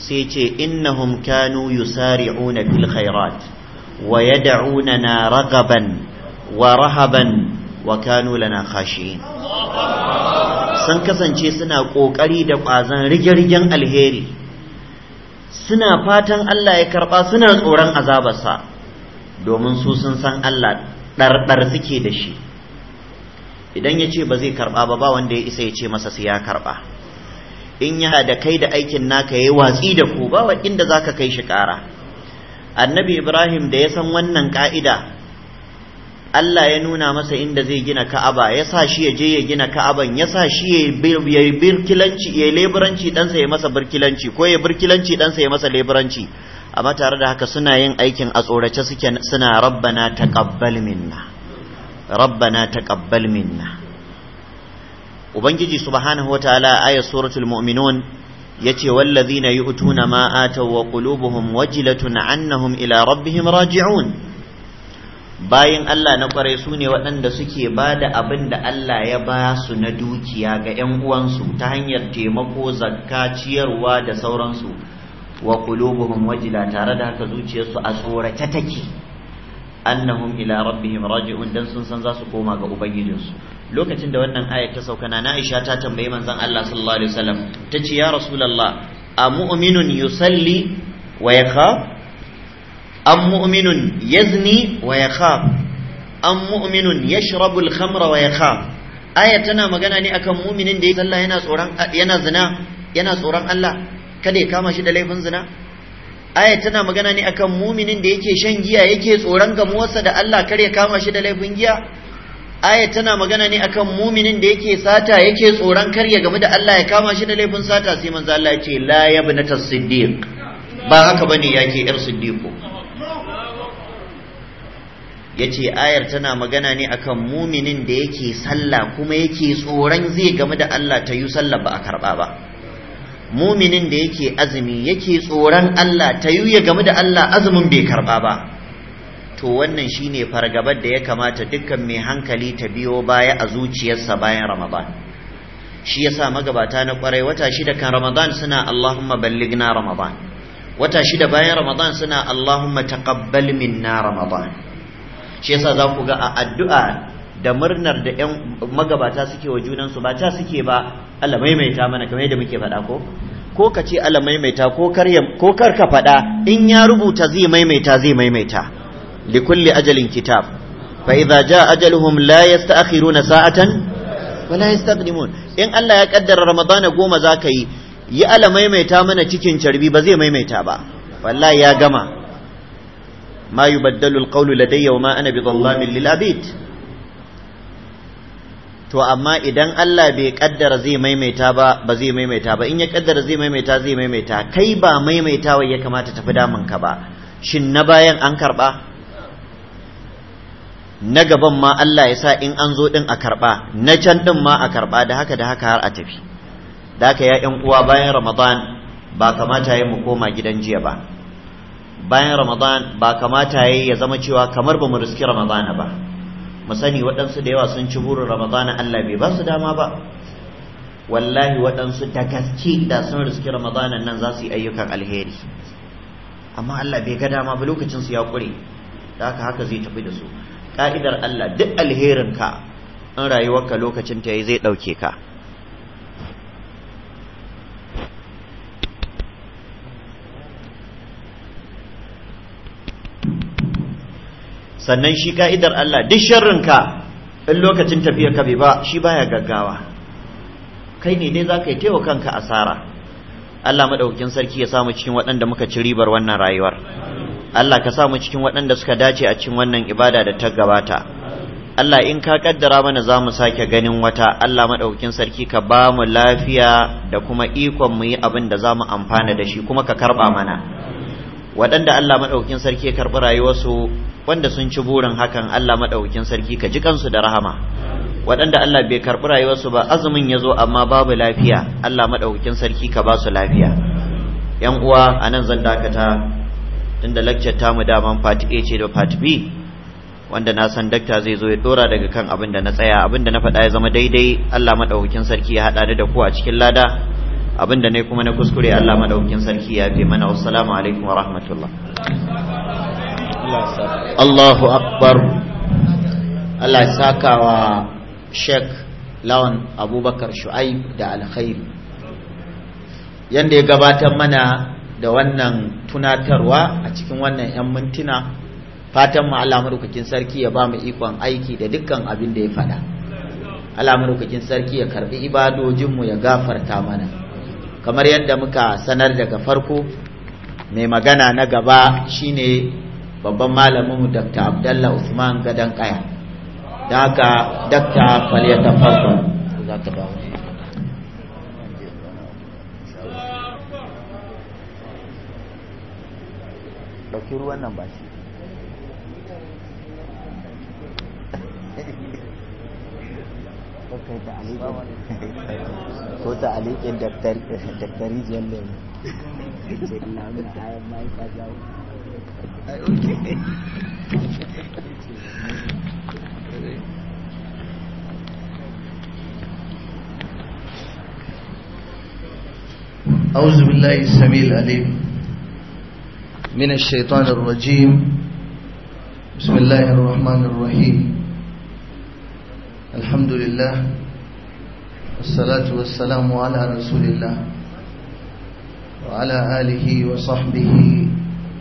Speaker 1: sai ce innahum kanu yusari'una fil khairat wa yad'unana ragaban wa rahaban wa kanu lana khashi'in sun kasance suna ƙoƙari da kwazan rigirgen alheri suna fatan Allah ya karba suna tsoron azabarsa domin su sun san Allah ɗarɗar suke da shi idan ya ce ba zai karba ba ba wanda ya isa ya ce masa sai ya karba in yana da kai da aikin naka yayi watsi da ku ba wa inda ka kai shi kara annabi ibrahim da ya san wannan ka'ida Allah ya nuna masa inda zai gina Ka'aba ya sa shi ya je ya gina Ka'aban ya sa shi ya yi birkilanci ya leburanci ɗansa ya masa birkilanci ko ya birkilanci ɗansa ya masa leburanci amma tare da haka suna yin aikin a tsorace suke suna rabbana taqabbal minna ta taqabbal minna ubangiji subhanahu wataala ayat suratul mu'minun yace wallazina yu'tuna ma ataw wa qulubuhum wajilatun annahum ila rabbihim raji'un Bayan Allah na kwarai su ne waɗanda suke ba da abin da Allah ya ba su na dukiya ga 'yan uwansu ta hanyar taimako zakka ciyarwa da sauransu wa qulubuhum wajila tare da haka zuciyarsu a tsorace take annahum ila rabbihim raji'un dan sun san za su koma ga ubangijinsu lokacin da wannan ayat ta sauka na Aisha ta tambayi manzon Allah sallallahu alaihi wasallam ce ya rasulullah a mu'minun yusalli wa yakhaf am mu'minun yazni wa yakhaf am mu'minun yashrabu al-khamra wa yakhaf aya tana magana ne akan mu'minin da ya sallah yana tsoron yana zina yana tsoron Allah kada ya kama shi da laifin zina aya tana magana ne akan muminin da yake shan giya yake tsoron gamuwarsa da Allah kar ya kama shi da laifin giya aya tana magana ne akan muminin da yake sata yake tsoron kar ya gamu da Allah ya kama shi da laifin sata sai manzo Allah ya ce la yabnata tasiddiq
Speaker 2: ba haka bane yake yar
Speaker 1: siddiqo yace ayar tana magana ne akan muminin da yake sallah kuma yake tsoron zai gamu da Allah ta yi sallah ba a karba ba muminin da yake azumi yake tsoron Allah ta ya game da Allah azumin bai karba ba to wannan shine fargabar da ya kamata dukkan mai hankali ta biyo baya a zuciyarsa bayan Ramadan shi yasa magabata na kwarai wata shida kan Ramadan suna Allahumma balligna Ramadan wata shida bayan Ramadan suna Allahumma taqabbal minna Ramadan shi yasa za ku ga a addu'a da murnar da yan magabata suke wa junansu ba ta suke ba Allah maimaita mana kamar yadda muke faɗa ko ko ka ce Allah maimaita ko kar ko kar ka faɗa in ya rubuta zai maimaita zai maimaita likulli ajalin kitab fa idza jaa ajaluhum la yasta'khiruna sa'atan wa la yastaqdimun in Allah ya kaddara ramadana goma za ka yi yi ala maimaita mana cikin carbi ba zai maimaita ba wallahi ya gama ma yubaddalu alqawlu ladayya wa ma ana bidhallamin lil abid to amma idan Allah bai kaddara zai maimaita ba ba zai maimaita ba in ya kaddara zai maimaita zai maimaita kai ba maimaitawa ya kamata tafi damun ka ba shin na bayan an karba na gaban ma Allah ya sa in an zo din a karba na can din ma a karba da haka da haka har a tafi da haka ya yan uwa bayan Ramadan ba kamata ya mu koma gidan jiya ba bayan Ramadan ba kamata ya ya zama cewa kamar ba mu riski ramadana ba mu sani waɗansu da yawa sun ci burin ramadana Allah bai ba su dama ba wallahi waɗansu ta gaske da sun riski ramadana nan za su yi ayyukan alheri amma Allah bai ga dama ba lokacin su ya ƙure da haka haka zai tafi da su ka'idar Allah duk alherin ka in rayuwarka lokacin ta yi zai ɗauke ka sannan shi ka'idar Allah duk sharrin ka in lokacin tafiyar ka bai ba shi baya gaggawa kai ne dai zaka yi tewa kanka asara Allah madaukakin sarki ya samu cikin waɗanda muka ci ribar wannan rayuwar Allah ka samu cikin waɗanda suka dace a cikin wannan ibada da ta gabata Allah in ka kaddara mana za mu sake ganin wata Allah madaukakin sarki ka ba mu lafiya da kuma ikon mu yi abin da za mu amfana da shi kuma ka karɓa mana waɗanda Allah maɗaukin sarki ya karɓi rayuwarsu wanda sun ci burin hakan Allah maɗaukin sarki ka ji kansu da rahama waɗanda Allah bai karɓi rayuwarsu ba azumin ya zo amma babu lafiya Allah maɗaukin sarki ka ba su lafiya yan uwa a nan zan dakata tunda lakcar tamu daman part A ce da part B wanda na san dakta zai zo ya dora daga kan abin da na tsaya abin da na faɗa ya zama daidai Allah maɗaukin sarki ya haɗa ni da ku a cikin lada abinda ne kuma na kuskure Allah madaukin sarki ya fi mana assalamu alaikum wa rahmatullah
Speaker 2: Allahu akbar Allah saka wa Sheikh Lawan Abubakar Shu'aib da alkhairi yanda ya gabatar mana da wannan tunatarwa a cikin wannan 'yan mintuna fatan mu Allah madaukakin sarki ya ba mu ikon aiki da dukkan abin da ya faɗa Allah madaukakin sarki ya karbi ibadojinmu ya gafarta mana kamar yadda muka sanar daga farko mai magana na gaba shine babban mu dr abdullahi usman gadon kaya da haka dr faliyata farko za ɗauki ruwan ba shi kai ko ta daktari ne ce na
Speaker 3: wani jawo
Speaker 4: أعوذ بالله السميع العليم من الشيطان الرجيم بسم الله الرحمن الرحيم الحمد لله والصلاة والسلام على رسول الله وعلى آله وصحبه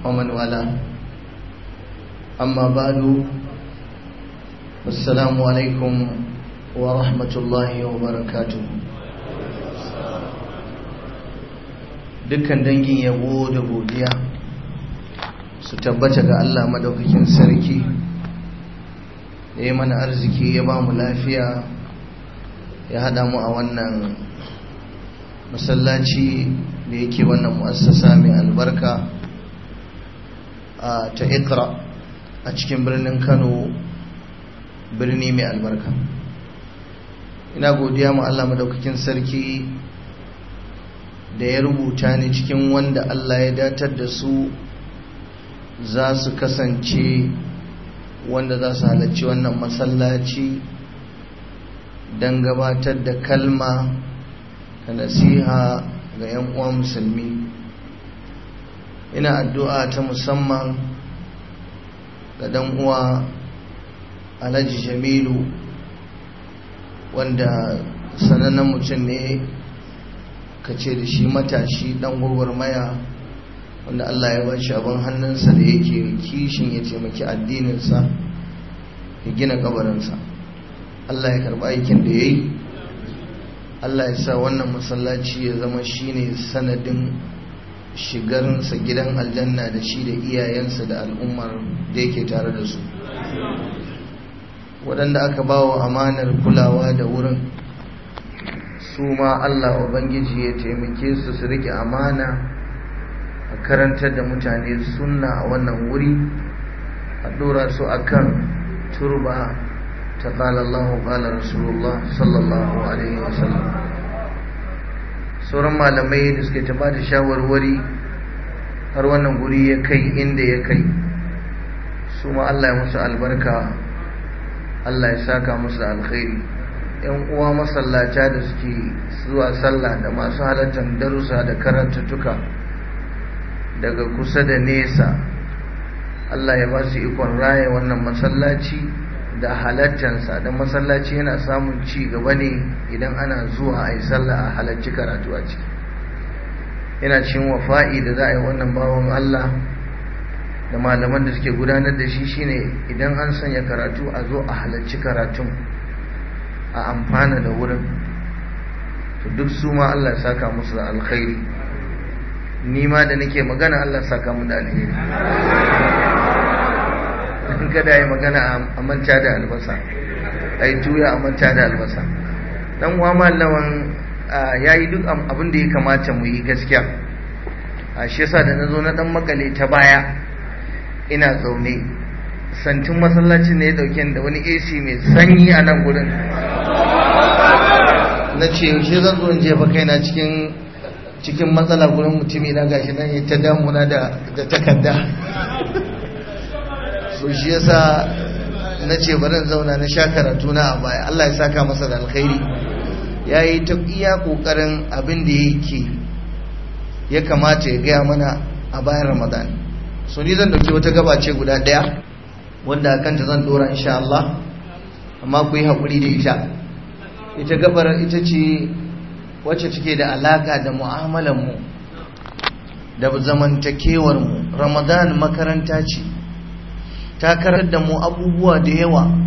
Speaker 4: ومن والاه أما بعد السلام عليكم ورحمة الله وبركاته dukkan dangin yabo da godiya su tabbata ga Allah madaukakin sarki ya yi mana arziki ya ba mu lafiya ya haɗa mu a wannan masallaci da yake wannan mu'assasa mai albarka ta ikra a cikin birnin kano birni mai albarka ina godiya mu Allah madaukakin sarki da ya rubuta ni cikin wanda Allah ya datar da su za su kasance wanda za su halarci wannan masallaci don gabatar da kalma da nasiha ga 'yan uwa musulmi ina addu'a ta musamman ga dan uwa alhaji jamilu wanda sanannen mutum ne ka ce da shi matashi dan gwagwarmaya maya wanda Allah ya bashi abin hannunsa da yake kishin ya taimaki addininsa ya gina kabarinsa Allah ya karɓi aikin da ya yi Allah ya sa wannan masallaci ya zama shi ne sanadin shigarinsa gidan aljanna da shi da iyayensa da al'ummar da yake tare da su waɗanda aka ba wa amanar kulawa da wurin su ma Allah Ubangiji ya taimake su su riƙe amana a karantar da mutane suna a wannan wuri a dora su akan turba ta qala Allahu Rasulullah sallallahu alaihi wasallam sauran malamai da suke ta da shawarwari har wannan guri ya kai inda ya kai su ma Allah ya musu albarka Allah ya saka musu da alkhairi yan uwa masallaca da suke zuwa sallah da masu halartar darussa da karantattuka daga kusa da nesa Allah ya ba su ikon raya wannan masallaci da halattansa don masallaci yana samun ci gaba ne idan ana zuwa a yi sallah a halacci karatu a ciki yana cin wafa'i da za a yi wannan bawan Allah da malaman da suke gudanar da shi shine idan an sanya karatu a zo a halacci karatun a amfana da wurin to duk su ma Allah ya saka musu da alkhairi ni ma da nake magana Allah saka mu da alheri in kada yi magana a manta da albasa yi tuya a manta da albasa dan uwa mallawan yi duk abin da ya kamata mu yi gaskiya a shi yasa da na zo na dan makale ta baya ina zaune santin masallacin ne ya dauke da wani AC mai sanyi a nan wurin. na ce yaushe zan zo in jefa kaina cikin cikin matsala gurin mutumi na gashi nan ya ta damuna da takarda so shi yasa na ce barin zauna na sha karatu na a baya Allah ya saka masa da alkhairi ya yi ta iya kokarin abin da yake ya kamata ya gaya mana a bayan ramadan so ni zan dauki wata gaba ce guda daya wanda kanta zan dora insha Allah amma ku yi haƙuri da ita ita gabar ita ce wacce take da alaka da mu'amalanmu da mu. ramadan makaranta ce ta karar da mu abubuwa da yawa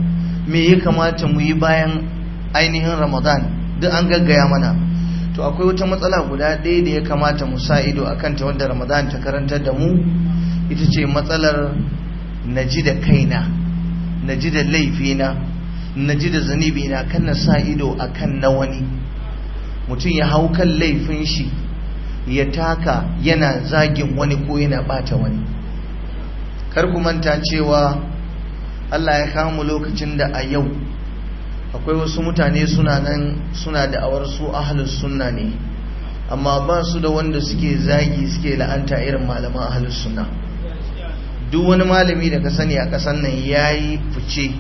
Speaker 4: me ya kamata mu yi bayan ainihin ramadan duk an gaggaya mana to akwai wata matsala guda ɗaya da ya kamata mu sa ido a ta wanda ramadan ta karantar da mu ita ce matsalar naji da kaina naji da laifina naji da zanibina kan na sa ido akan na wani mutum ya hau kan laifin shi ya taka yana zagin wani ko yana bata wani kar ku manta cewa Allah ya kama lokacin da a yau akwai wasu mutane suna nan suna da awar su ahalus sunna ne amma ba su da wanda suke zagi suke la'anta irin malaman ahalus sunna duk wani malami da ka sani a kasan nan ya yi fice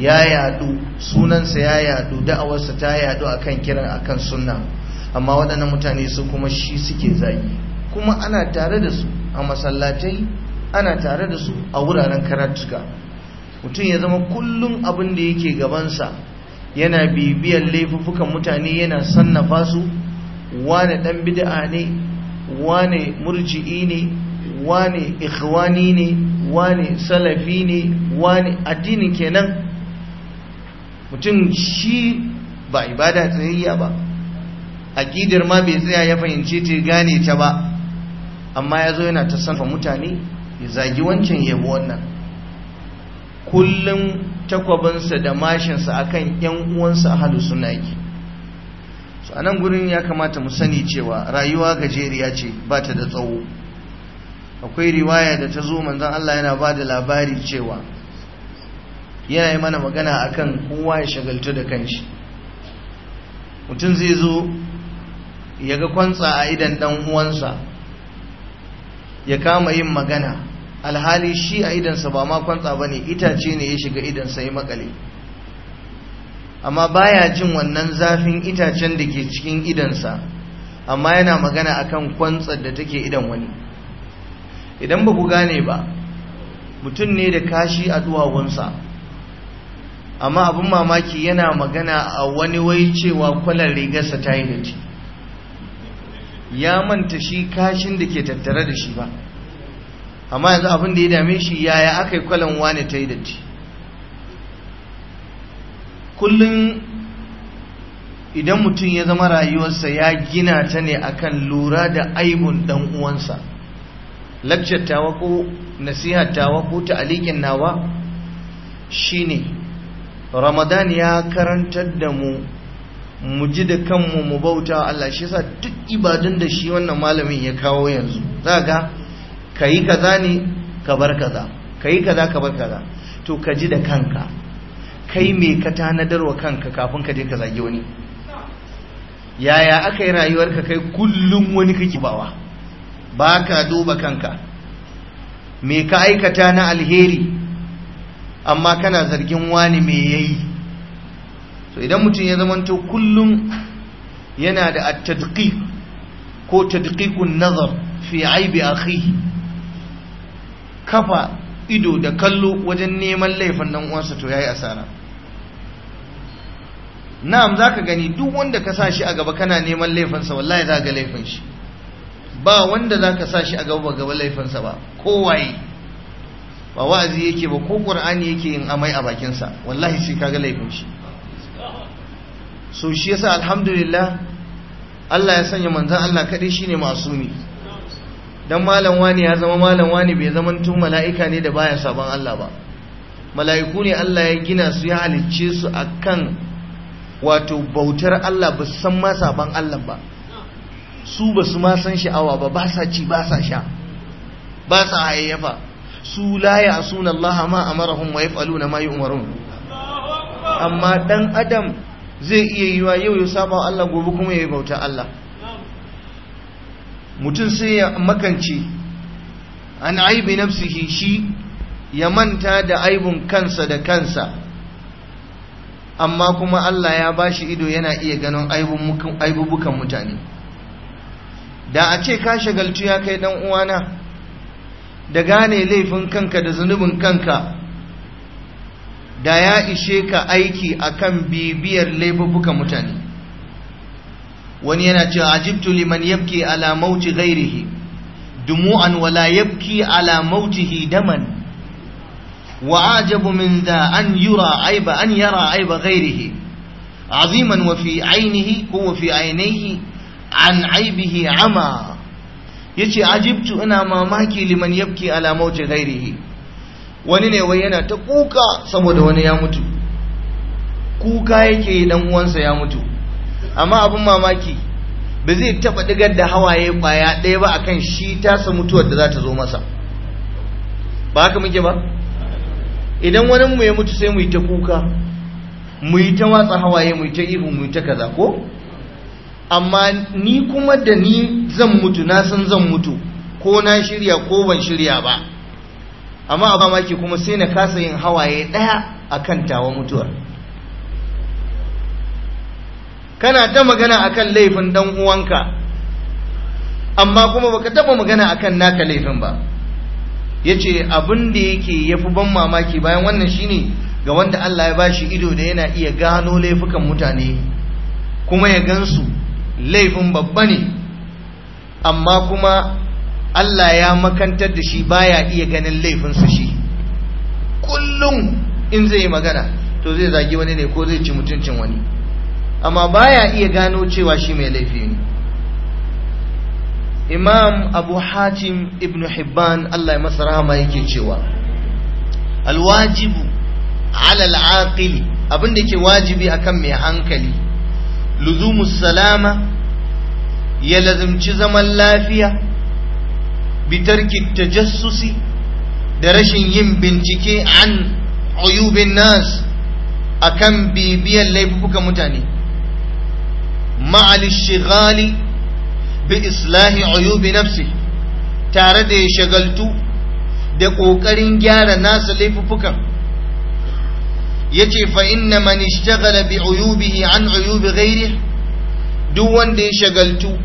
Speaker 4: ya yadu sunansa ya yadu da'awarsa ta yadu akan kiran akan sunna amma waɗannan mutane su kuma shi suke zagi kuma ana tare da su a masallatai ana tare da su a wuraren karatuka mutum ya zama kullum abin da yake gabansa yana bibiyar laifuffukan mutane yana sannafa su wane ɗan bid'a ne wane murji'i ne wane ikhwani ne wane salafi ne wane addini kenan mutum shi ba ibada tsayayya ba aƙidar ma bai tsaya ya fahimce ta gane ta ba amma ya zo yana ta sanfa mutane ya zagi wancan yabo wannan kullum takwabansa da mashinsa akan yan uwansa halu suna yake so a nan gurin ya kamata mu sani cewa rayuwa gajeriya ce ba ta da tsawo akwai riwaya da ta zo manzon Allah yana ba da labari cewa yana yi mana magana a kan kowa ya shagaltu da kanshi mutum zai zo ya ga kwantsa a idan dan uwansa ya kama yin magana alhali shi a idansa ba ma kwantsa ba ne itace ne ya shiga idansa ya makale amma baya jin wannan zafin itacen da ke cikin idansa amma yana magana akan kwantsar da take idan wani idan ba ku gane ba mutum ne da kashi a duwawunsa amma abin mamaki yana magana a wani wai cewa kwalar rigarsa ta yi datti ya manta shi kashin da ke tattare da shi ba amma yanzu abin da ya dame shi yaya aka yi kwalon wani ta yi datti kullum idan mutum ya zama rayuwarsa ya gina ta ne akan lura da aibun dan uwansa lakcar tawa ko nasiha tawa ko ta'alikin nawa shine ramadan ya karantar da mu mu ji da kanmu mu bauta Allah shi yasa duk ibadun da shi wannan malamin ya kawo yanzu za ga ka yi kaza ne ka bar kaza ka yi kaza ka bar kaza to ka ji da kanka kai me ka tanadarwa kanka kafin ka je ka zage wani yaya aka yi ka kai kullum wani kake bawa ba ka duba kanka me ka aikata na alheri amma kana zargin wani me yayi to idan mutum ya zamanto kullum yana da at-tadqiq ko tadqiqun nazar fi aibi akhihi kafa ido da kallo wajen neman laifin nan uwansa to yayi asara na'am zaka gani duk wanda ka sa a gaba kana neman laifinsa wallahi za ga laifin shi ba wanda za ka sa shi a gaba laifin laifinsa ba kowaye ba wa'azi yake ba ko qur'ani yake yin amai a bakin sa wallahi sai kaga laifin shi so shi yasa alhamdulillah Allah ya sanya manzon Allah kadai shine masumi dan malam wani ya zama malam wani bai zama tun mala'ika ne da baya sabon Allah ba mala'iku ne Allah ya gina su ya halicce su akan wato bautar Allah ba san ma sabon Allah ba su ba su ma san sha'awa ba ba sa ci ba sa sha ba sa hayayyafa su la ya'suna Allah ma amarahum wa yaf'aluna ma yu'marun amma dan adam zai iya yiwa yau ya saba Allah gobe kuma ya bauta Allah mutum sai ya makance an aibi nafsihi shi ya manta da aibun kansa da kansa amma kuma Allah ya bashi ido yana iya ganin aibubukan mutane da a ce ka shagaltu ya kai dan uwana da gane laifin kanka da zunubin kanka da ya ishe ka aiki akan bibiyar laifuka mutane wani yana cewa ajibtu liman yabki ala mauti ghairihi dumu'an wala yabki ala mautihi daman wa ajabu min da an yura aiba an yara aiba ghairihi aziman wa fi ainihi ko wa fi ainihi an aibihi ama yace ajibtu ina mamaki liman yabki ala mauti ghairihi wani ne wai yana ta kuka saboda wani ya mutu kuka yake dan uwansa ya mutu amma abin mamaki ba zai taba digar da hawaye baya ɗaya ba akan shi tasa mutuwar da za ta zo masa ba haka muke ba idan wani mu ya mutu sai mu yi ta kuka mu yi ta watsa hawaye mu yi ta ihu mu yi ta kaza ko amma ni kuma da ni zan mutu na san zan mutu ko na shirya ko ban shirya ba amma a mamaki kuma sai na kasa yin hawaye ɗaya a kan tawa mutuwar kana ta magana akan laifin dan uwanka amma kuma baka taɓa magana akan naka laifin ba Ya yace abin da yake fi ban mamaki bayan wannan shine ga wanda Allah ya bashi ido da yana iya gano laifukan mutane kuma ya gansu laifin babba ne amma kuma Allah ya makantar da shi baya iya ganin laifin su shi kullum in zai yi magana to zai zagi wani ne ko zai ci mutuncin wani amma baya iya gano cewa shi mai laifi ne imam abu hatim ibn hibban Allah ya masa rahama yake cewa alwajibu ala al'aqili abin da yake wajibi akan mai hankali luzumus salama ya lazimci zaman lafiya bitarki tajassusi da rashin yin bincike an uyubin nas akan bibiyan laifuka mutane ma'al shigali bi islahi uyubi nafsi tare da ya shagaltu da ƙoƙarin gyara nasa laifukan yace fa inna man ishtaghala bi uyubihi an uyubi ghairihi duk wanda ya shagaltu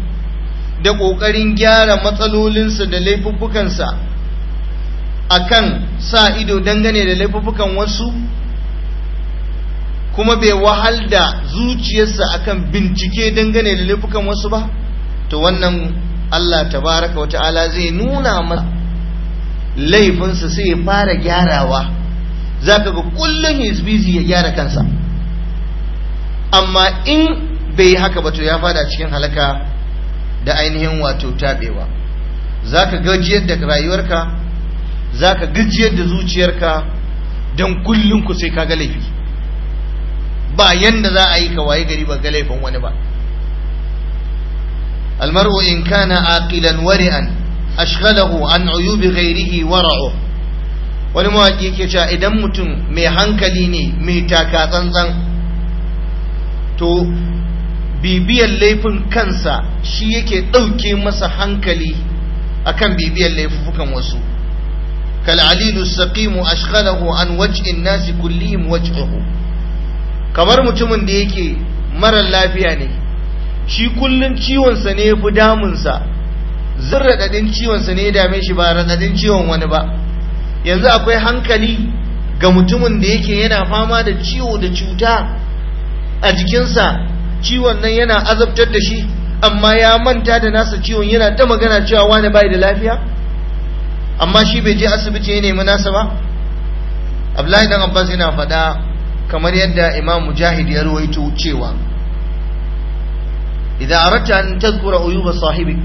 Speaker 4: da kokarin gyara matsalolinsa da laifuffukansa akan sa ido dangane da laifuffukan wasu kuma bai wahal da zuciyarsa akan bincike dangane da laifukan wasu ba to wannan Allah tabaraka wa ta'ala zai nuna masa laifinsa sai ya fara gyarawa za ka ga kullum is ya gyara kansa amma in bai yi haka ba to ya fada cikin halaka da ainihin wato tabewa za ka gajiyar da rayuwarka za ka gajiyar da zuciyarka don kullum ku sai ka ga laifi ba yanda za a yi ka waye gari ba ga laifin wani ba almar'u in kana aqilan wari'an ashghalahu an uyubi غيره wara'u wani mawaki yake cewa idan mutum mai hankali ne mai taka tsantsan to bibiyar laifin kansa shi yake ɗauke masa hankali akan bibiyar laifukan wasu kal'alilu saqimu ashghalahu an waj'in nasi kullihim waj'uhu kamar mutumin da yake marar lafiya ne shi kullun ciwonsa ne ya fi damunsa raɗaɗin ciwonsa ne ya dame shi ba raɗaɗin ciwon wani ba yanzu akwai hankali ga mutumin da yake yana fama da ciwo da cuta a jikinsa ciwon nan yana azabtar da shi amma ya manta da nasa ciwon yana ta magana cewa wani bai da lafiya amma shi bai je asibiti ya nemi nasa ba abdullahi dan abbas yana faɗa kamar yadda imam mujahid ya ruwaito cewa idan aratta an tazkura uyuba sahibi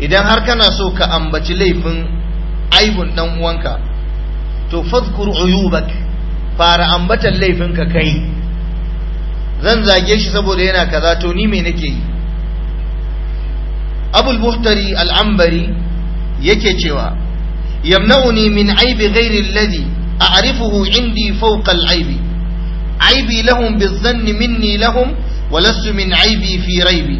Speaker 4: idan har kana so ka ambaci laifin aibun dan uwanka to fadhkur uyubak fara ambatan laifinka kai zan zage shi saboda yana kaza to ni me nake yi abul buhtari al'ambari yake cewa yamna'uni min aibi ghairi alladhi a'rifuhu indi fawqa al'aibi aibi lahum bizanni minni lahum wa lastu min aibi fi raibi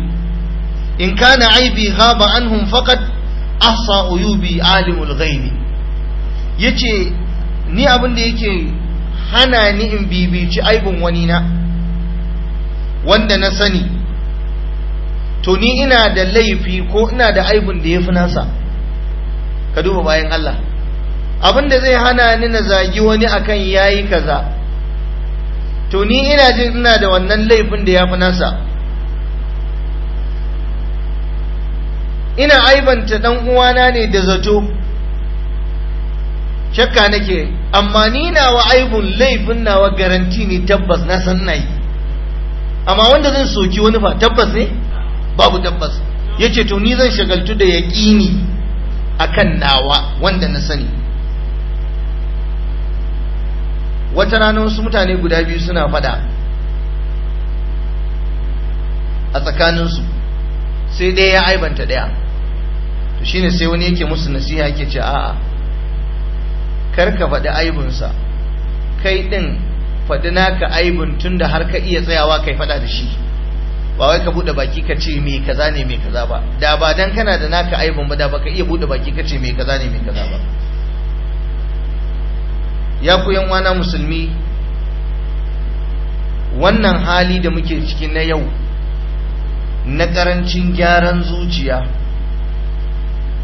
Speaker 4: in kana aibi ghaba anhum faqad afa uyubi alimul ghaibi yace ni abin da yake hana ni in bibici aibin wani na wanda na sani to ni ina da laifi ko ina da aibin da yafi nasa ka duba bayan Allah abin da zai hana ni na zagi wani akan yayi kaza to ni ina jin ina da wannan laifin da yafi nasa ina aibanta dan uwana ne da zato shakka nake amma ni na wa aibun laifin nawa garanti ne tabbas na san nayi amma wanda zan soki wani fa tabbas ne babu tabbas yace to ni zan shagaltu da yaqini akan nawa wanda na sani wata rana wasu mutane guda biyu suna fada a tsakaninsu sai ɗaya ya aibanta ɗaya to shine sai wani yake musu nasiha yake ce a'a kar ka faɗi aibunsa kai ɗin faɗi naka aibin tunda har ka iya tsayawa kai faɗa da shi ba wai ka buɗe baki ka ce me kaza ne me kaza ba da ba dan kana da naka aibin ba da ka iya buɗe baki ka ce me kaza ne me kaza ba ya ku yan wana musulmi wannan hali da muke ciki na yau na ƙarancin gyaran zuciya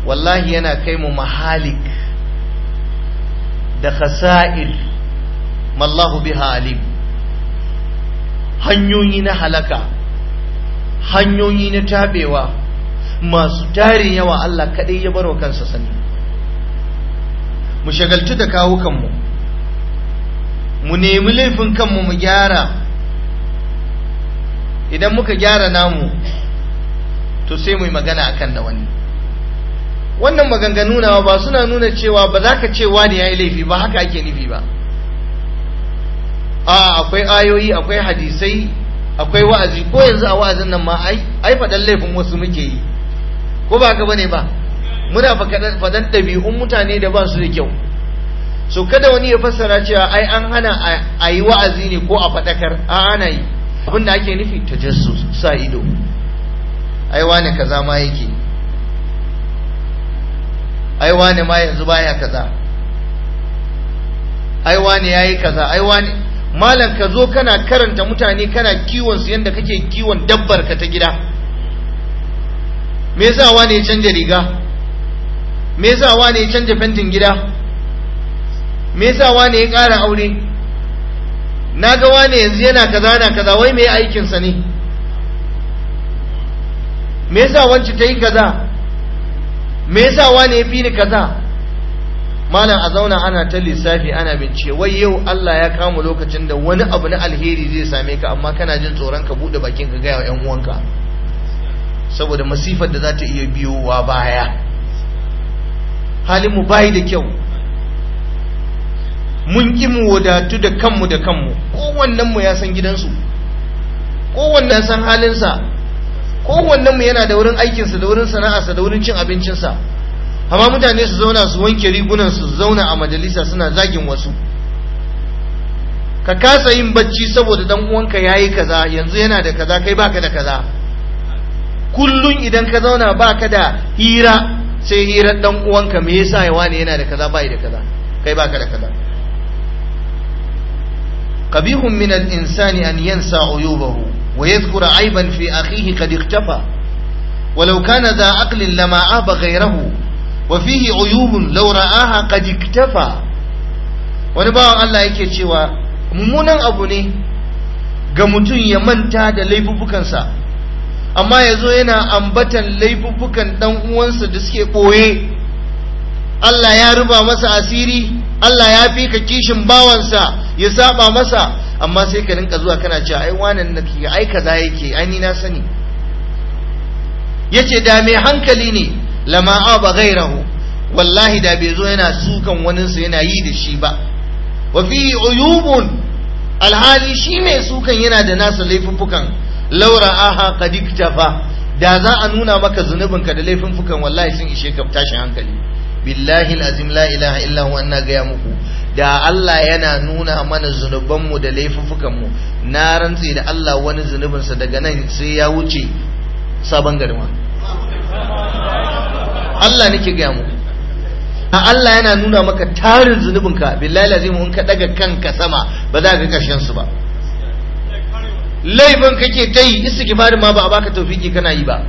Speaker 4: wallahi yana kai mu mahalik da khasa'il mallahu biha alim hanyoyi na halaka hanyoyi na tabewa masu tarin yawa Allah kaɗai ya barwa kansa sani mu shagaltu da kawo kanmu mu nemi laifin kanmu mu gyara idan muka gyara namu to sai mu yi magana akan da wani wannan maganganu na ba suna nuna cewa ba za ka ce wani yi laifi ba haka ake nufi ba a akwai ayoyi akwai hadisai akwai wa'azi ko yanzu a wa'azin nan ma ai ai faɗan laifin wasu muke yi ko ba ka bane ba muna faɗan ɗabi'un mutane da ba su da kyau so kada wani ya fassara cewa ai an hana a yi wa'azi ne ko a faɗakar a ana yi abin ake nufi ta tajassus sa ido ai wane kaza ma yake ai wane ma yanzu baya kaza ai wane yayi kaza ai wane malam ka zo kana karanta mutane kana kiwon su yanda kake kiwon dabbar ka ta gida me yasa wane ya canja riga me yasa wane ya canja fentin gida me yasa wane ya ƙara aure na ga wane yanzu yana kaza yana kaza wai me aikinsa ne me yasa wancan ta yi kaza me yasa wane fi ni kaza malam a zauna ana ta lissafi ana bincike wai yau Allah ya kama lokacin da wani abu na alheri zai same ka amma kana jin tsoron ka bude bakin ka gaya wa ƴan uwanka saboda masifar da za ta iya biyowa baya halin mu bai da kyau mun ki mu wadatu da kanmu da kanmu kowannen mu ya san gidansu kowannen san halinsa kowannen mu yana da wurin aikinsa da wurin sana'arsa da wurin cin abincinsa amma mutane su zauna su wanke rigunan su zauna a majalisa suna zagin wasu ka kasa yin bacci saboda dan uwanka yayi kaza yanzu yana da kaza kai baka da kaza kullun idan ka zauna baka da hira sai hirar dan uwanka me yasa ya wani yana da kaza bai da kaza kai baka da kaza qabihun min al-insani an yansa uyubahu ويذكر عيبا في أخيه قد اختفى ولو كان ذا عقل لما عاب غيره وفيه عيوب لو رآها قد اكتفى wani bawan Allah yake cewa mummunan abu ne ga mutum ya manta da laifuffukansa amma ya zo yana ambatan laifuffukan ɗan uwansa da suke ɓoye Allah ya ruba masa asiri Allah ya fika kishin bawansa ya saɓa masa amma sai ka rinka zuwa kana cewa ai wanan nake ai kaza yake ai ni na sani yace da mai hankali ne lama aba ghairahu wallahi da bai zo yana sukan su yana yi da shi ba wa fi uyubun alhali shi mai sukan yana da nasa laifuffukan laura aha kadiktafa da za a nuna maka zunubinka da laifuffukan wallahi sun ishe ka tashin hankali billahi alazim la ilaha illa huwa ina gaya muku da Allah yana nuna mana zunubanmu da mu na rantse da Allah wani zunubinsa daga nan sai ya wuce sabon garma Allah nake gaya muku a Allah yana nuna maka tarin zunubin zunubinka billahi lazim in ka daga kanka sama ba za ka karshen su ba laifin kake ta yi istighfarin ma ba a baka tawfiki kana yi ba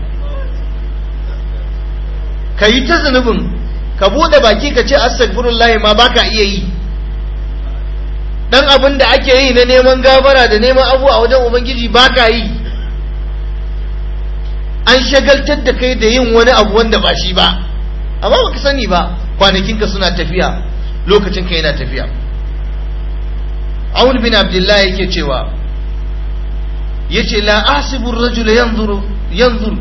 Speaker 4: ka yi ta zunubin ka buɗe baki ka ce astaghfirullah ma baka iya yi dan abin da ake yi na neman gabara da neman abu a wajen ubangiji baka yi an shagaltar da kai da yin wani abu wanda ba shi ba amma baka sani ba kwanakinka suna tafiya lokacin ka yana tafiya Aun bin Abdullahi yake cewa yace la ahsibu ar-rajula yanzuru yanzur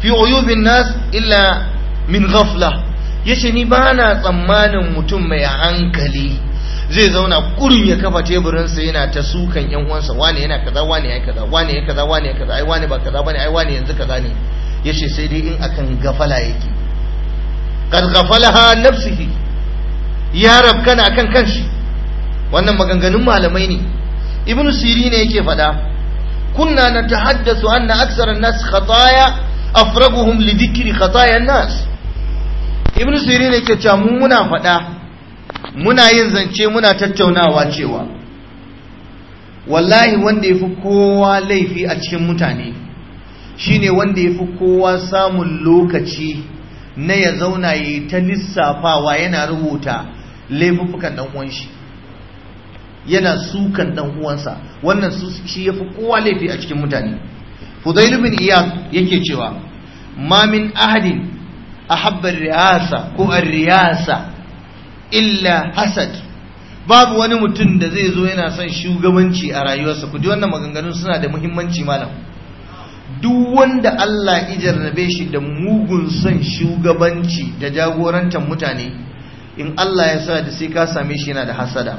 Speaker 4: fi uyubin nas illa min ghaflah Ya yace ni ba na tsammanin mutum mai hankali zai zauna kurin ya kafa teburinsa yana ta sukan yan uwansa wane yana kaza wane yayi kaza wane yayi kaza wane yayi kaza ai wane ba kaza bane ai wane yanzu kaza ne yace sai dai in akan gafala yake
Speaker 2: qad ghafalaha nafsihi
Speaker 4: ya rabkana akan kanshi wannan maganganun malamai ne ibnu siri ne yake fada kunna natahaddathu anna aksara an-nas khataya afraguhum li dhikri khataya an-nas ibn sirin yake cewa mu muna faɗa muna yin zance muna tattaunawa cewa wallahi wanda ya fi kowa laifi a cikin mutane shine wanda ya fi kowa samun lokaci na ya zauna ya yi ta lissafawa yana rubuta laifuffukan ɗan uwan shi yana sukan ɗan uwansa wannan su shi ya fi kowa laifi a cikin mutane fudailu bin iyad yake cewa ma min ahadin ahabba riyasa ko riyasa illa hasad babu wani mutum da zai zo yana son shugabanci a rayuwarsa ku ji wannan maganganun suna da muhimmanci malam duk wanda Allah ya jarrabe shi da mugun son shugabanci da jagorantar mutane in Allah ya sa da sai ka same shi yana da hasada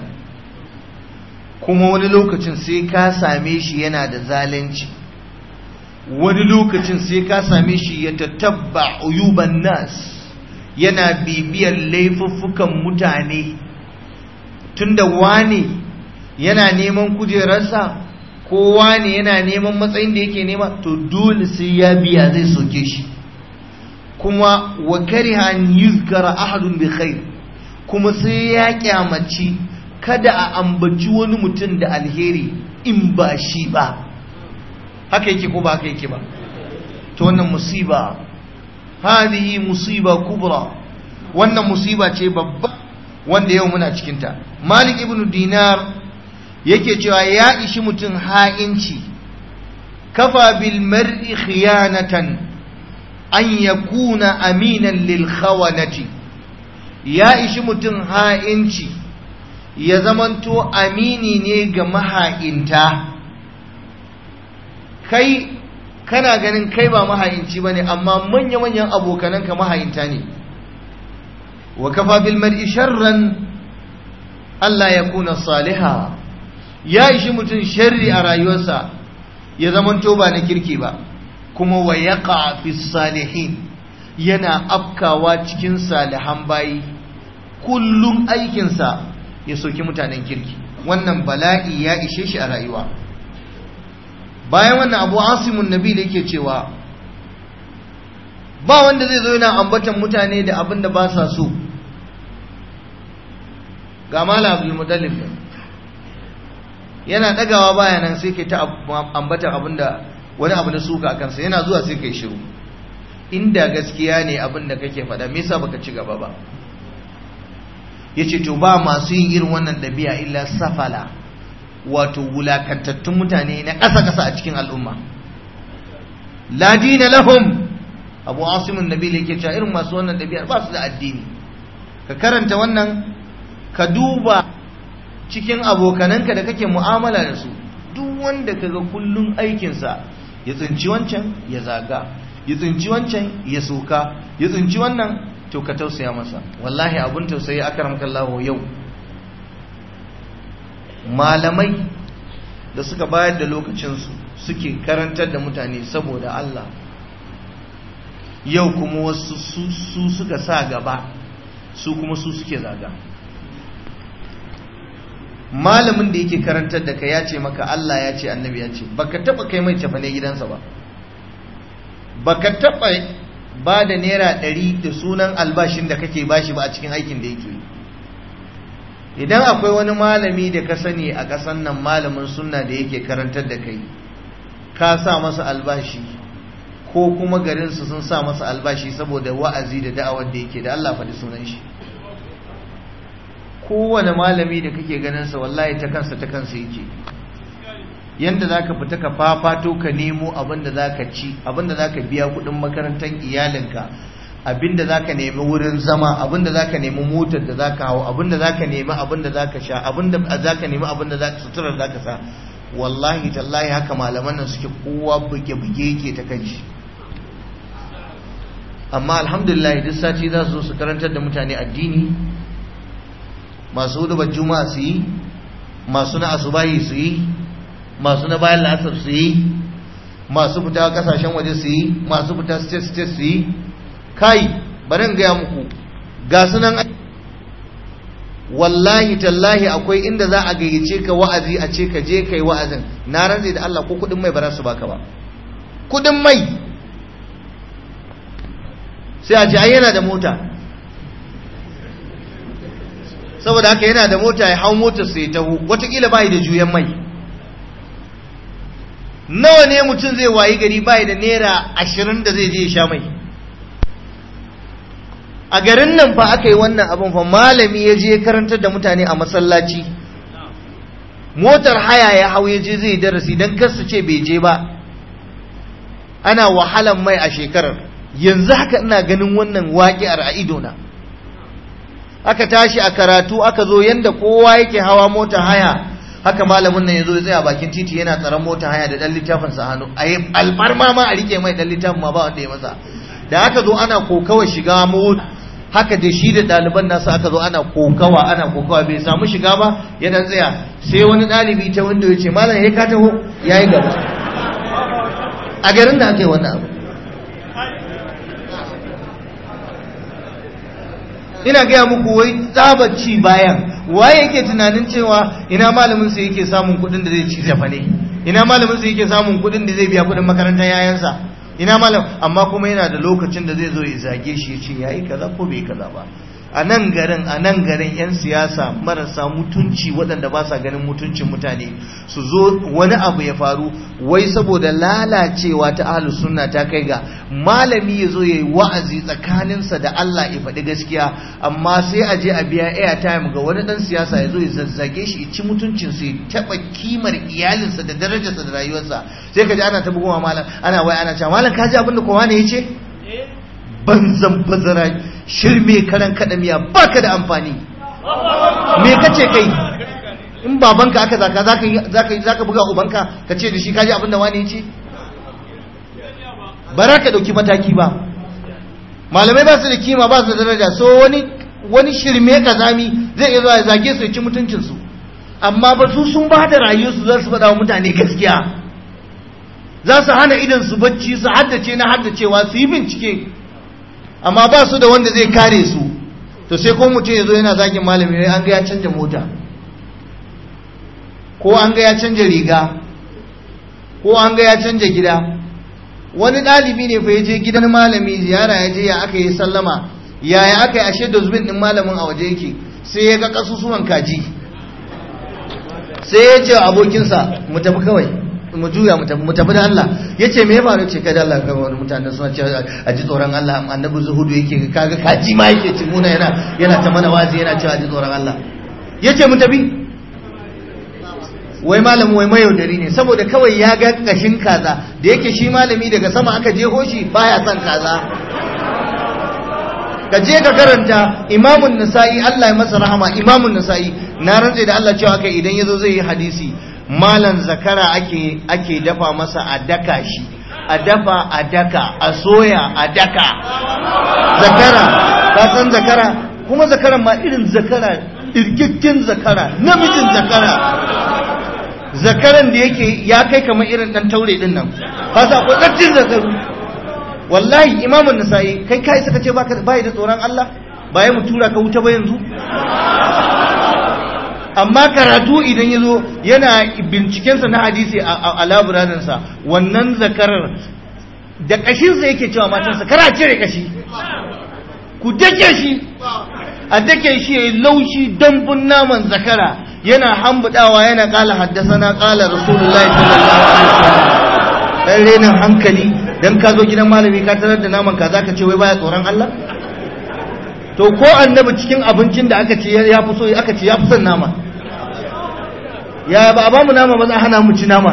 Speaker 4: kuma wani lokacin sai ka same shi yana da zalunci wani lokacin sai ka same shi ya tattaba uyuban nas yana bibiyar laifuffukan mutane tunda wane yana neman kujerarsa ko wani yana neman matsayin da yake nema to dole sai ya biya zai soke shi kuma wa kariha an yuzkara ahadun bi khair kuma sai ya kyamaci kada a ambaci wani mutum da alheri in ba shi ba haka yake ko ba haka yake ba to wannan musiba hadhihi musiba kubra wannan musiba ce babba wanda yau muna cikinta. malik ibn dinar yake cewa ya ishi mutum ha'inci kafa bil mar'i khiyanatan an yakuna aminan lil khawanati ya ishi mutum ha'inci ya zamanto amini ne ga maha'inta kai kana ganin kai ba mahayinci ne, amma manya-manyan abokananka mahayinta ne wa kafa bil mar'i sharran Allah ya kuna saliha ya ishi mutum sharri a rayuwarsa ya zamanto ba na kirki ba kuma wa yaqa fi salihin yana afkawa cikin salihan bayi kullum aikinsa ya soki mutanen kirki wannan bala'i ya ishe shi a rayuwa bayan wannan abu asimun nabi da yake cewa ba wanda zai zo yana ambatan mutane da abin da ba sa so ga mala mutallif yana ɗagawa baya nan sai ke ta ambatan abin da wani abu da suka a kansa yana zuwa sai kai shiru inda gaskiya ne abin da kake faɗa me yasa baka ci gaba ba yace to ba masu yin irin wannan dabi'a illa safala wato wulakantattun mutane na ƙasa ƙasa a cikin al'umma Ladina lahum abu asimin da yake cewa irin masu wannan ɗabi'ar ba su da addini ka karanta wannan ka duba cikin abokananka da kake mu'amala da su duk wanda ka ga kullum aikinsa ya tsinci wancan ya zaga ya tsinci wancan ya soka ya tsinci wannan to ka tausaya masa wallahi abun tausayi lawo yau malamai da suka bayar da lokacinsu suke karantar da mutane saboda Allah yau kuma wasu su suka sa gaba su kuma su suke zaga malamin da yake karantar da ka ya ce maka Allah ya ce annabi ya ce baka taba kai mai cafane gidansa ba baka taba ba da naira ɗari da sunan albashin da kake bashi ba a cikin aikin da yake yi idan akwai wani malami da ka sani a ƙasan nan malamin sunna da yake karantar da kai ka sa masa albashi ko kuma garinsu sun sa masa albashi saboda wa'azi da da'awar da yake da Allah faɗi sunan shi kowane malami da kake ganinsa wallahi ta kansa ta kansa yake yanda za ka fita ka fafato ka nemo abin da za ka ci abin da za ka biya kuɗin makarantar iyalinka abinda zaka nemi wurin zama abinda zaka nemi motar da zaka hawo abinda zaka nemi abinda zaka sha abinda zaka nemi abinda zaka suturar zaka sa wallahi tallahi haka malaman nan suke kowa buge buge yake ta kanshi amma alhamdulillah duk sati za su su karantar da mutane addini masu hudubar juma'a su yi masu na asubahi su yi masu na bayan la'asar su yi masu fita kasashen waje su yi masu fita state state su yi kai barin gaya muku ga sunan wallahi tallahi akwai inda za a gayyace ka wa'azi a ce ka je kai wa'azin na rantse da Allah ko kudin mai ba su baka ba kudin mai sai a ce ai yana da mota saboda haka yana da mota ya hau motar sai taho watakila bai da juyan mai nawa ne mutum zai wayi gari bai da naira ashirin da zai je ya sha mai a garin nan fa aka yi wannan abin fa malami ya je karantar da mutane a masallaci motar haya ya hau ya je zai darasi don kasu ce bai je ba ana wahalan mai a shekarar yanzu haka ina ganin wannan waƙi'ar a idona aka tashi a karatu aka zo yanda kowa yake hawa motar haya haka malamin nan ya zo ya a bakin titi yana tsaron motar haya da ɗan littafinsa hannu a yi alfarma ma a rike mai ɗan littafin ma ba wanda ya masa da aka zo ana kokawa shiga mota haka da shi da ɗaliban nasu aka zo ana kokawa ana kokawa bai samu shiga ba ya dan tsaya sai wani ɗalibi ta wanda ya ce malam ya ka taho ya yi gaba a garin da aka yi wannan abu ina gaya muku wai tsabar ci bayan waye yake tunanin cewa ina malamin sa yake samun kuɗin da zai ci zafa ne ina malamin sa yake samun kuɗin da zai biya kuɗin makarantar yayansa ina malam amma kuma yana da lokacin da zai zo ya zage shi ya ce yayi kaza ko bai kaza ba a nan garin a nan garin 'yan siyasa marasa mutunci waɗanda ba sa ganin mutuncin mutane su zo wani abu ya faru wai saboda lalacewa ta ahalus sunna ta kai ga malami ya zo ya yi wa'azi tsakaninsa da Allah ya faɗi gaskiya amma sai a je a biya airtime ga wani ɗan siyasa ya zo ya zazzage shi ci mutuncin ya taɓa kimar iyalinsa da darajarsa da rayuwarsa sai ka ji ana ta bugun malam ana wai ana cewa malam ka ji abin da kowa ne ya ce eh. banzan bazara shirme karan kadamiya miya ka da amfani me kace kai in babanka aka zaka zaka zaka buga ubanka ka ce da shi kaji abin da wani yace bara ka dauki mataki ba malamai ba su da kima ba su da daraja so wani wani shirme kazami zai iya zuwa zage su ya ci mutuncin su amma ba su sun ba da rayuwarsu za su faɗa wa mutane gaskiya za su hana idan su bacci su haddace na haddacewa su yi bincike amma ba su da wanda zai kare su to sai ko mutum ya zo yana zagin malami ne an ga ya canja mota ko an ga ya canja riga ko an ga ya canja gida wani ɗalibi ne fa ya je gidan malami ziyara ya je ya aka yi sallama yaya aka yi ashe zubin ɗin malamin a waje yake sai ya ga ƙasusuwan kaji sai ya ce abokinsa mu tafi kawai mu juya mu tafi da Allah yace me ya faru ce kai da Allah ga wani mutane suna cewa a ji tsoron Allah annabi zuhudu yake kaga kaji ma yake ci muna yana yana ta mana wazi yana cewa a ji tsoron Allah yace mu tafi wai malamin wai mayaudari ne saboda kawai ya ga kashin kaza da yake shi malami daga sama aka je hoshi baya son kaza ka je ka karanta imamun nasa'i Allah ya masa rahama imamun nasa'i na rantse da Allah cewa kai idan yazo zai yi hadisi malan zakara ake ake dafa masa a daka shi a dafa a daka a soya a daka zakara ka san zakara kuma zakaran ma irin zakara irkikin zakara namijin zakara zakaran da yake ya kai kamar irin dan taure din nan sa ko dattin zakaru wallahi imamun nasa'i kai kai suka ce baka bai da tsoron Allah ba mu tura ka wuta ba yanzu amma karatu idan ya zo yana bincikensa na hadisi a laburaninsa wannan zakarar da kashinsa yake cewa matansa kara cire kashi ku dake shi a dake shi ya yi laushi dambun naman zakara yana hambudawa yana kala haddasa na kala rasulullahi sallallahu alaihi wasallam dan renin hankali dan ka zo gidan malami ka tarar da naman kaza ka ce wai baya tsoron Allah to ko annabi cikin abincin da aka ce ya fi so aka ce ya fi son nama ya ba a bamu nama maza hana mu ci nama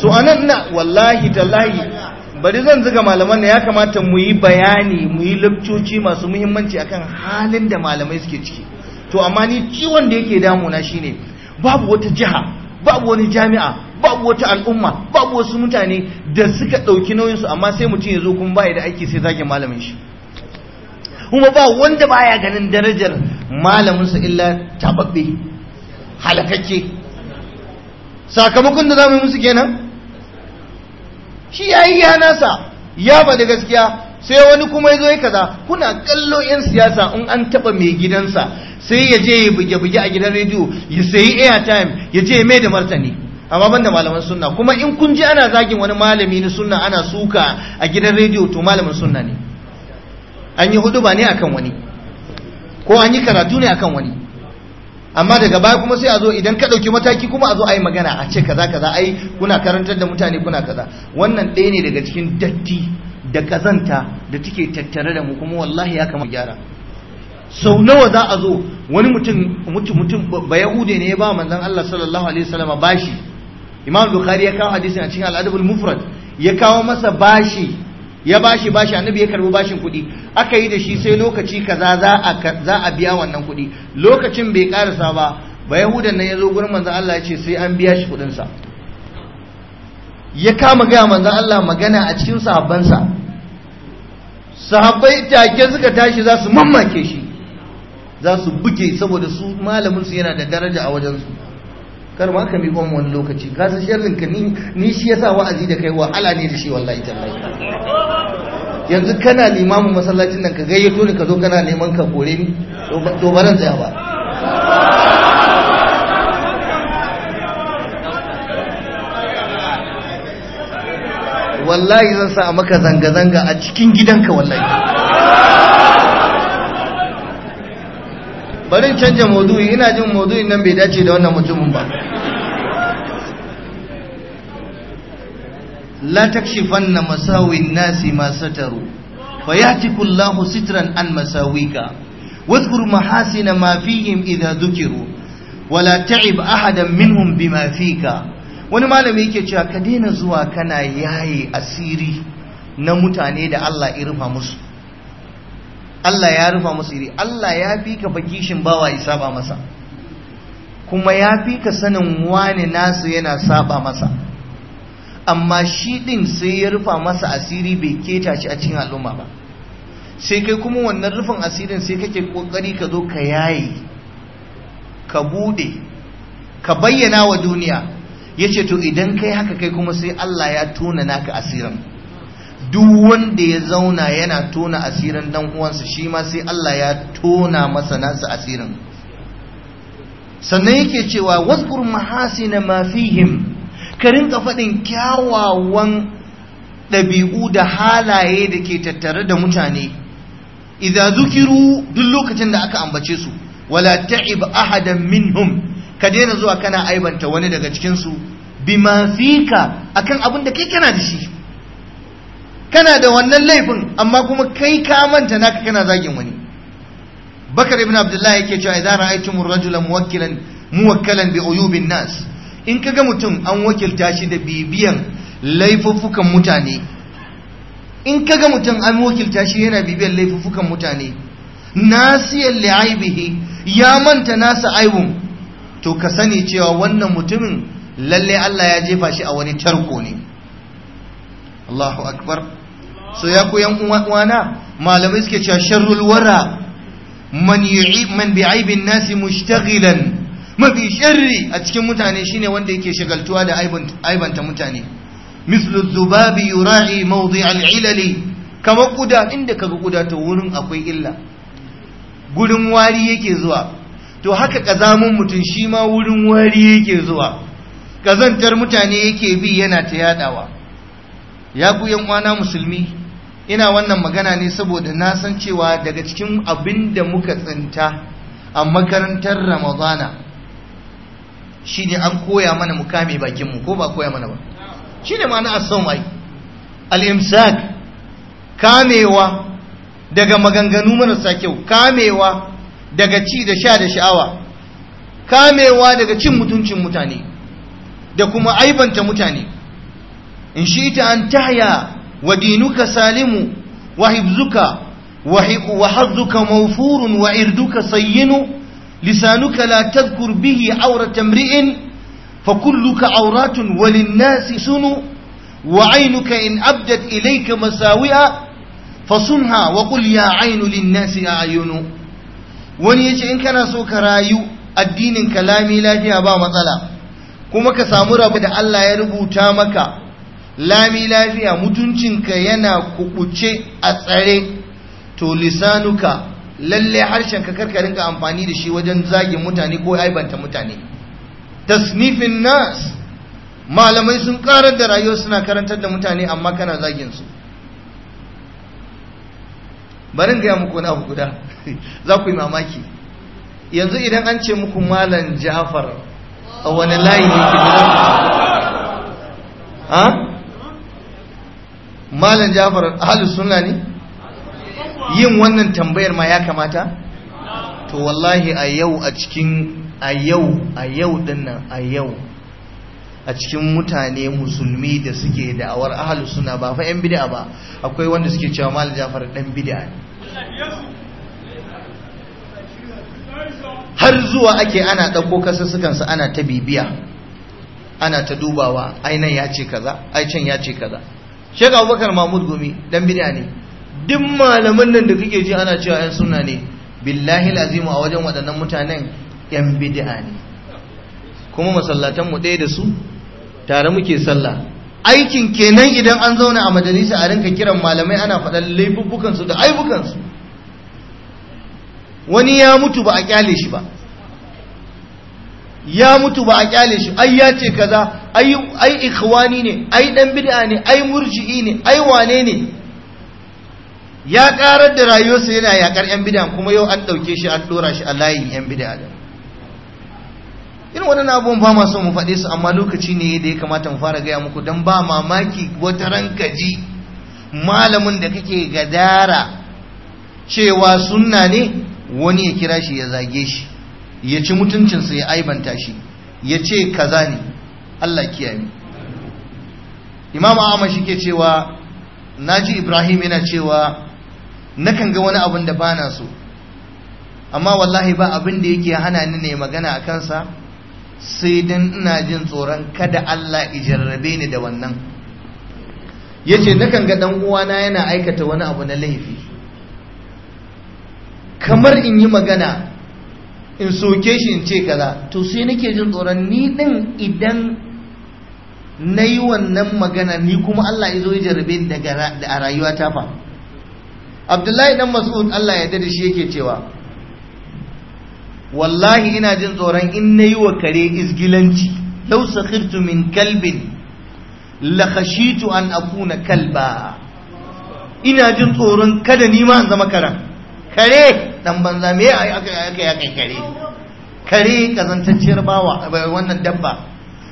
Speaker 4: so anan na wallahi tallahi bari zan zuga malaman na ya kamata mu yi bayani mu yi lakcoci masu muhimmanci akan halin da malamai suke ciki to amma ni ciwon da yake damuna shine babu wata jiha babu wani jami'a babu wata al'umma babu wasu mutane da suka ɗauki su amma sai mutum ya zo kuma ba da aiki sai zage malamin shi kuma ba wanda baya ganin darajar malaminsa illa tababbe halakakke sakamakon da zamu yi musu kenan shi ya yi nasa ya faɗi gaskiya sai wani kuma ya zo ya kaza kuna kallo 'yan siyasa in an taba mai gidansa sai ya je ya buge-buge a gidan rediyo ya sayi airtime ya je mai da martani amma banda malaman sunna kuma in kun ji ana zagin wani malami na sunna ana suka a gidan rediyo to malamin sunna ne an yi hudu ba ne akan wani ko an yi karatu ne akan wani amma daga baya kuma sai a zo idan ka ɗauki mataki kuma a zo a yi magana a ce kaza kaza ai kuna karantar da mutane kuna kaza wannan ɗaya ne daga cikin datti da kazanta da take tattare da mu kuma wallahi ya kama gyara sau nawa za a zo wani mutum mutum ba yahude ne ya ba manzon Allah sallallahu alaihi wasallam bashi imam bukhari ya kawo hadisi a cikin al-adab al-mufrad ya kawo masa bashi ya bashi bashi annabi ya karbi bashin kuɗi aka yi da shi sai lokaci kaza za a biya wannan kuɗi lokacin bai karasa ba ba yahudan nan ya zo gurin manzon Allah ya ce sai an biya shi kuɗin sa ya kama gaya manzon Allah magana a cikin sahabbansa sahabbai take suka tashi za su mamake shi za su buge saboda su malamin su yana da daraja a wajen su kar ma ka miƙo wani lokaci ka san sharrin ka ni shi yasa wa'azi da kai wahala ne da shi wallahi
Speaker 3: tallahi yanzu kana
Speaker 4: limamin masallacin nan ka gayyato ni ka zo kana neman ka kore ni to baran tsaya ba wallahi zan sa maka zanga-zanga a cikin gidanka wallahi barin canja maudu'i ina jin maudu'in nan bai dace da wannan mutumin ba la takshifanna masawin nasi ma sataru fayatiku Allahu sitran an masawika واذكر محاسن ما فيهم إذا ذكروا ولا تعب أحدا منهم بما فيك wani malami yake cewa ka daina zuwa kana yaye asiri na mutane da Allah ya rufa musu Allah ya rufa masa iri Allah ya fi ka bakishin bawa ya saba masa kuma ya fi ka sanin wani nasu yana saba masa amma shi ɗin sai ya rufa masa asiri bai keta shi a cikin al'umma ba sai kai kuma wannan rufin asirin sai kake kokari ka zo ka yayi ka bude ka bayyana wa duniya yace to idan kai haka kai kuma sai Allah ya tona naka asirin duk wanda ya zauna yana tona asirin dan uwansa shi ma sai Allah ya tona masa nasa asirin sannan yake cewa wasqur mahasina ma fihim ka rinka faɗin kyawawan ɗabi'u da halaye da ke tattare da mutane idza zukiru duk lokacin da aka ambace su wala ta'ib ahadan minhum ka daina zuwa kana aibanta wani daga cikin su bima fika akan abin da kai kana da shi kana da wannan laifin amma kuma kai ka manta naka kana zagin wani bakar ibn abdullahi yake cewa idan ra'aytum ar-rajula muwakkilan muwakkalan bi uyubin nas in kaga mutum an wakilta shi da bibiyan laifuffukan mutane in kaga mutum an wakilta shi yana bibiyan laifuffukan mutane nasiyan li'aibihi ya manta nasa aibun to ka sani cewa wannan mutumin lalle Allah ya jefa shi a wani tarko ne Allahu akbar so ya koyan uwana malamai suke cewa sharrul wara man yu'i man nasi mushtaghilan mafi sharri a cikin mutane shine wanda yake shagaltuwa da aibanta mutane mislu zubabi yura'i mawdi' al'ilali kamar kuda inda kaga kuda ta wurin akwai illa gurin wari yake zuwa to haka kazamun mutum shi ma wurin wari yake zuwa kazantar mutane yake bi yana ta yadawa ya ku yan musulmi ina wannan magana ne saboda na san cewa daga cikin abin da muka tsinta a makarantar ramadana shi ne an koya mana mu kame bakinmu ko ba koya mana ba shi ne ma'ana asan wai al'imsak kamewa daga maganganu marasa kyau kamewa daga ci da sha da sha'awa kamewa daga cin mutuncin mutane da kuma aibanta mutane in shi ta an taya ودينك سالم وحفظك وحظك موفور وعردك صين لسانك لا تذكر به عورة امرئ فكلك عورات وللناس سن وعينك إن أبدت إليك مساوئا فصنها وقل يا عين للناس أعين ونيجي إن كان سوك رايو الدين كلامي لا فيها با matsala kuma ka samu rabu da Allah ya rubuta maka lami lafiya mutuncinka yana kukuce a tsare to lisanuka lalle harshenka karka rinka amfani da shi wajen zagin mutane ko aibanta mutane tasnifin nas malamai sun karar da rayuwa suna karantar da mutane amma kana zagin su barin gaya muku na abu guda za ku yi mamaki yanzu idan an ce muku malam jafar a wani layi ne ke ha? malam jafar ahalus suna ne yin wannan tambayar ma ya kamata to wallahi a yau a cikin a yau a yau dinnan a yau a cikin mutane musulmi da suke da'awar ahalus suna ba fa 'yan bid'a ba akwai wanda suke cewa Malam jafar dan bid'a ne
Speaker 3: har zuwa ake ana
Speaker 4: ɗauko kasussukansa ana ta bibiya ana ta dubawa ainihin ya ce kaza ai can ya ce kaza Sheikh Abubakar Mahmud Gumi dan bid'a ne duk malaman nan da kuke ji ana cewa 'yan sunna ne billahi lazimu a wajen waɗannan mutanen 'yan bid'a ne kuma masallatan mu ɗaya da su tare muke sallah aikin kenan idan an zauna a majalisa a rinka kiran malamai ana faɗan su da su wani ya mutu ba a kyale shi ba ya mutu ba a kyale shi ai ya ce kaza ai ai ikhwani ne ai dan bid'a ne ai murji'i ne ai wane ne ya karar da rayuwarsa yana yakar yan bid'a kuma yau an dauke shi an dora shi a layin yan bid'a da irin wannan abubuwan ba ma so mu faɗe su amma lokaci ne da ya kamata mu fara gaya muku dan ba mamaki wata ranka ji malamin da kake gadara cewa sunna ne wani ya kira shi ya zage shi ya ci mutuncinsa ya aibanta shi ya ce kaza ne Allah kiyaye Imam Ahmad shi ke cewa na ji Ibrahim yana cewa nakan ga wani abin da bana so amma wallahi ba abin da yake hana ni ne magana a kansa sai dan ina jin tsoron kada Allah jarrabe ni da wannan yace nakan ga dan uwana yana aikata wani abu na laifi kamar in yi magana in soke shi in ce kaza to sai nake jin tsoron ni din idan na yi wannan magana ni kuma Allah ya zo ya jarabe ni daga a rayuwa ta fa Abdullahi dan Mas'ud Allah ya da shi yake cewa wallahi ina jin tsoron in na yi wa kare izgilanci lau sakhirtu min kalbin la khashitu an akuna kalba ina jin tsoron kada ni ma in zama karan kare dan banza me aka aka ya kare kare kazantacciyar bawa wannan dabba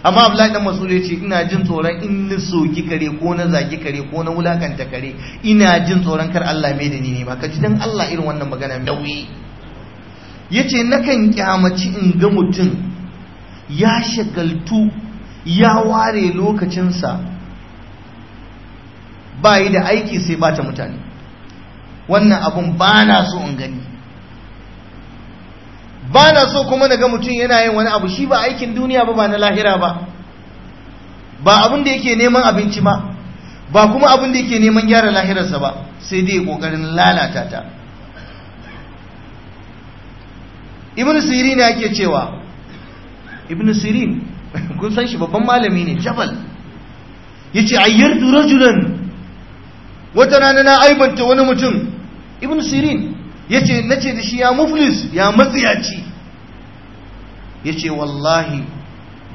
Speaker 4: amma Abdullahi dan Mas'ud yace ina jin tsoron in na soki kare ko na zagi kare ko na wulakanta kare ina jin tsoron kar Allah mai da ni ne ma kaji dan Allah irin wannan magana nauyi yace kan kyamaci in ga mutum ya shagaltu ya ware lokacinsa ba yi da aiki sai bata mutane wannan abun ba na so in gani ba na so kuma na ga mutum yana yin wani abu shi ba aikin duniya ba ba na lahira ba ba abin da yake neman abinci ba ba kuma abin da yake neman gyara lahirarsa ba sai dai kokarin lalata ta ibn sirin ke cewa ibn sirin kun san shi babban malami ne jabal yace ayyartu rajulan wata rana na aibanta wani mutum ibn sirin yace nace da shi ya muflis ya matsiyaci yace wallahi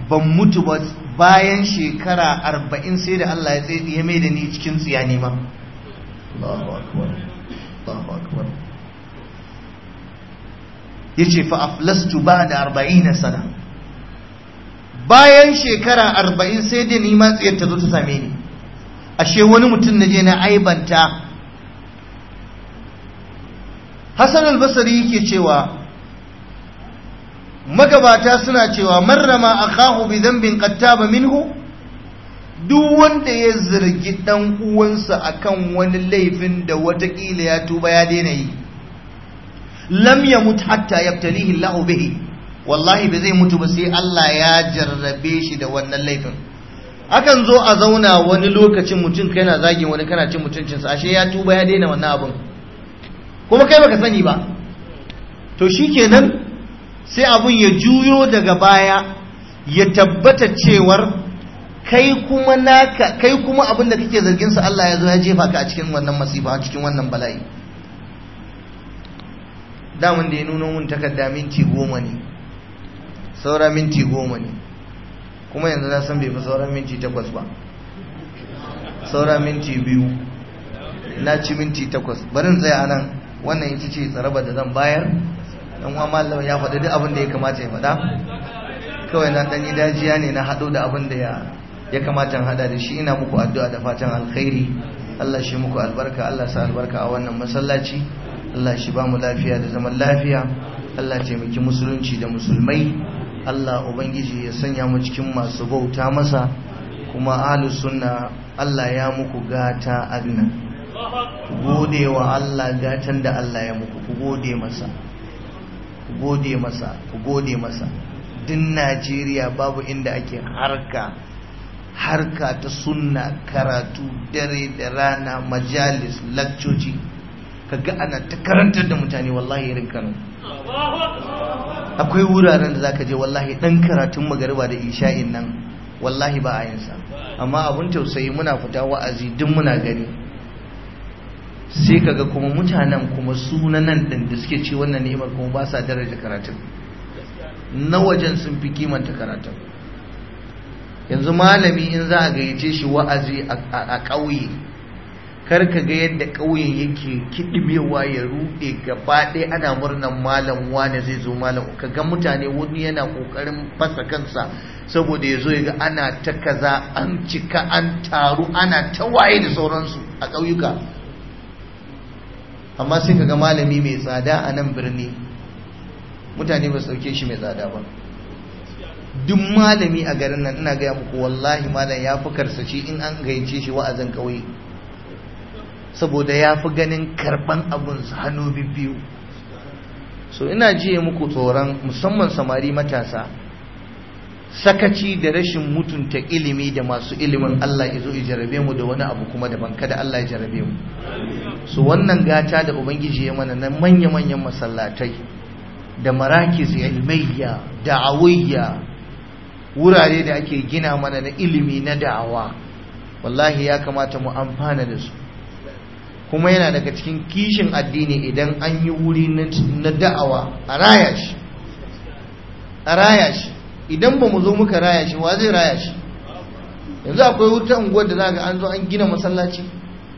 Speaker 4: ban mutu ba bayan shekara arba'in sai da Allah ya tsaye ya mai da ni cikin tsiyani ma Allahu akbar Allahu akbar yace fa aflastu ba'da 40 sana bayan shekara 40 sai da ni ma tsiyar ta zo ta same ni ashe wani mutum na je na aibanta Hassan al-basri yake cewa magabata suna cewa marrama akahu bi dhanbin qad minhu duk wanda ya zargi dan uwansa akan wani laifin da watakila ya tuba ya daina yi lam mutu hatta yabtalihi Allahu bihi wallahi ba zai mutu ba sai Allah ya jarrabe shi da wannan laifin akan zo a zauna wani lokacin mutum kana zagin wani kana cin mutuncinsa ashe ya tuba ya daina wannan abin kuma kai baka sani ba to shikenan sai abun ya juyo daga baya ya tabbata cewar kai kuma naka kai kuma abin da kake zargin sa Allah ya zo ya jefa ka a cikin wannan masifa a cikin wannan bala'i damun da ya nuna mun takarda minti goma ne saura minti goma ne kuma yanzu na san bai fi sauran minti takwas ba saura minti biyu na ci minti takwas barin tsaya anan wannan yake ce tsaraba da zan bayar dan uwa mallam ya faɗi duk abin da ya kamata ya faɗa kawai na dan dajiya ne na haɗo da abin da ya ya kamata hada da shi ina muku addu'a da fatan alkhairi Allah shi muku albarka Allah sa albarka a wannan masallaci Allah shi ba mu lafiya da zaman lafiya Allah taimaki musulunci da musulmai Allah ubangiji ya sanya mu cikin masu bauta masa kuma ahlus sunna Allah ya muku gata adnan gode wa Allah gatan da Allah ya muku ku gode masa ku gode masa ku gode masa din Najeriya babu inda ake harka harka ta sunna karatu dare da rana majalis lakcoci kaga ana ta karantar da mutane wallahi irin kano
Speaker 2: akwai wuraren
Speaker 4: da zaka je wallahi dan karatun magariba da isha'in nan wallahi ba a sa amma abun tausayi muna fita wa'azi duk muna gani sai kaga kuma mutanen kuma sunanan din da suke ce wannan ni'imar kuma ba sa daraja karatun na wajen sun fi kimanta karatun yanzu malami in za a gayyace shi wa'azi a ƙauye kar ka ga yadda ƙauyen yake kiɗimewa ya ruɗe gaba ɗaya ana murnan malam wane zai zo malam ka ga mutane wani yana ƙoƙarin fasa kansa saboda ya zo ya ga ana ta kaza an cika an taru ana ta waye da sauransu a ƙauyuka amma sai kaga malami mai tsada a nan birni mutane ba su shi mai tsada ba duk malami a garin nan ina gaya muku wallahi malam ya fi karsashi in an gayyace shi wa'azin ƙauye, saboda ya fi ganin karban abun hannu biyu so ina jiye muku tsoron musamman samari matasa sakaci da rashin mutunta ilimi da masu ilimin Allah ya zo ya jarabe mu da wani abu kuma daban kada Allah ya jarabe mu su wannan gata da ubangiji ya mana na manya-manyan masallatai da marakis da da'awiyya wurare da ake gina mana na ilimi na da'awa wallahi ya kamata mu amfana da su kuma yana daga cikin kishin addini idan an yi wuri na da'awa a raya a raya shi idan ba mu zo muka raya shi wa zai raya shi yanzu akwai wuta unguwar da za ga an zo an gina masallaci